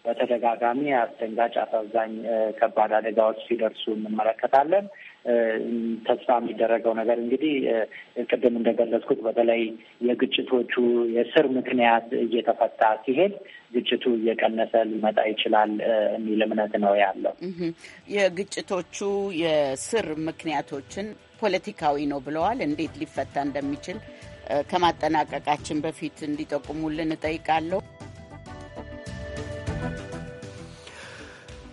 በተደጋጋሚ አስደንጋጭ፣ አሳዛኝ ከባድ አደጋዎች ሲደርሱ እንመለከታለን። ተስፋ የሚደረገው ነገር እንግዲህ ቅድም እንደገለጽኩት በተለይ የግጭቶቹ የስር ምክንያት እየተፈታ ሲሄድ ግጭቱ እየቀነሰ ሊመጣ ይችላል የሚል እምነት ነው ያለው። የግጭቶቹ የስር ምክንያቶችን ፖለቲካዊ ነው ብለዋል። እንዴት ሊፈታ እንደሚችል ከማጠናቀቃችን በፊት እንዲጠቁሙልን እጠይቃለሁ።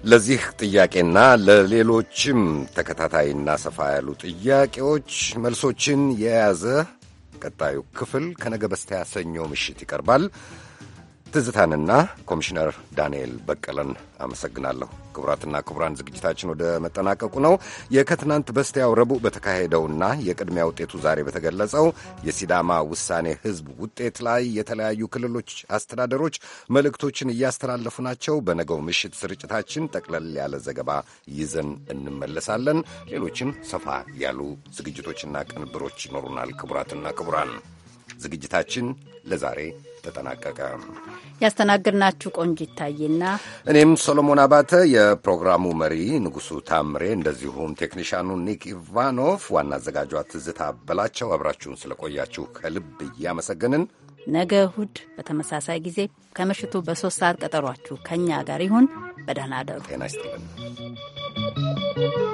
ለዚህ ጥያቄና ለሌሎችም ተከታታይና ሰፋ ያሉ ጥያቄዎች መልሶችን የያዘ ቀጣዩ ክፍል ከነገ በስቲያ ሰኞ ምሽት ይቀርባል። ትዝታንና ኮሚሽነር ዳንኤል በቀለን አመሰግናለሁ። ክቡራትና ክቡራን ዝግጅታችን ወደ መጠናቀቁ ነው። የከትናንት በስቲያው ረቡዕ በተካሄደውና የቅድሚያ ውጤቱ ዛሬ በተገለጸው የሲዳማ ውሳኔ ሕዝብ ውጤት ላይ የተለያዩ ክልሎች አስተዳደሮች መልእክቶችን እያስተላለፉ ናቸው። በነገው ምሽት ስርጭታችን ጠቅለል ያለ ዘገባ ይዘን እንመለሳለን። ሌሎችም ሰፋ ያሉ ዝግጅቶችና ቅንብሮች ይኖሩናል። ክቡራትና ክቡራን ዝግጅታችን ለዛሬ ተጠናቀቀ። ያስተናግድናችሁ ቆንጅ ይታይና እኔም ሶሎሞን አባተ፣ የፕሮግራሙ መሪ ንጉሡ ታምሬ፣ እንደዚሁም ቴክኒሻኑ ኒክ ኢቫኖቭ፣ ዋና አዘጋጇ ትዝታ በላቸው። አብራችሁን ስለቆያችሁ ከልብ እያመሰገንን ነገ እሁድ በተመሳሳይ ጊዜ ከምሽቱ በሶስት ሰዓት ቀጠሯችሁ ከእኛ ጋር ይሁን። በደህና አደሩ። ጤና ይስጥልን።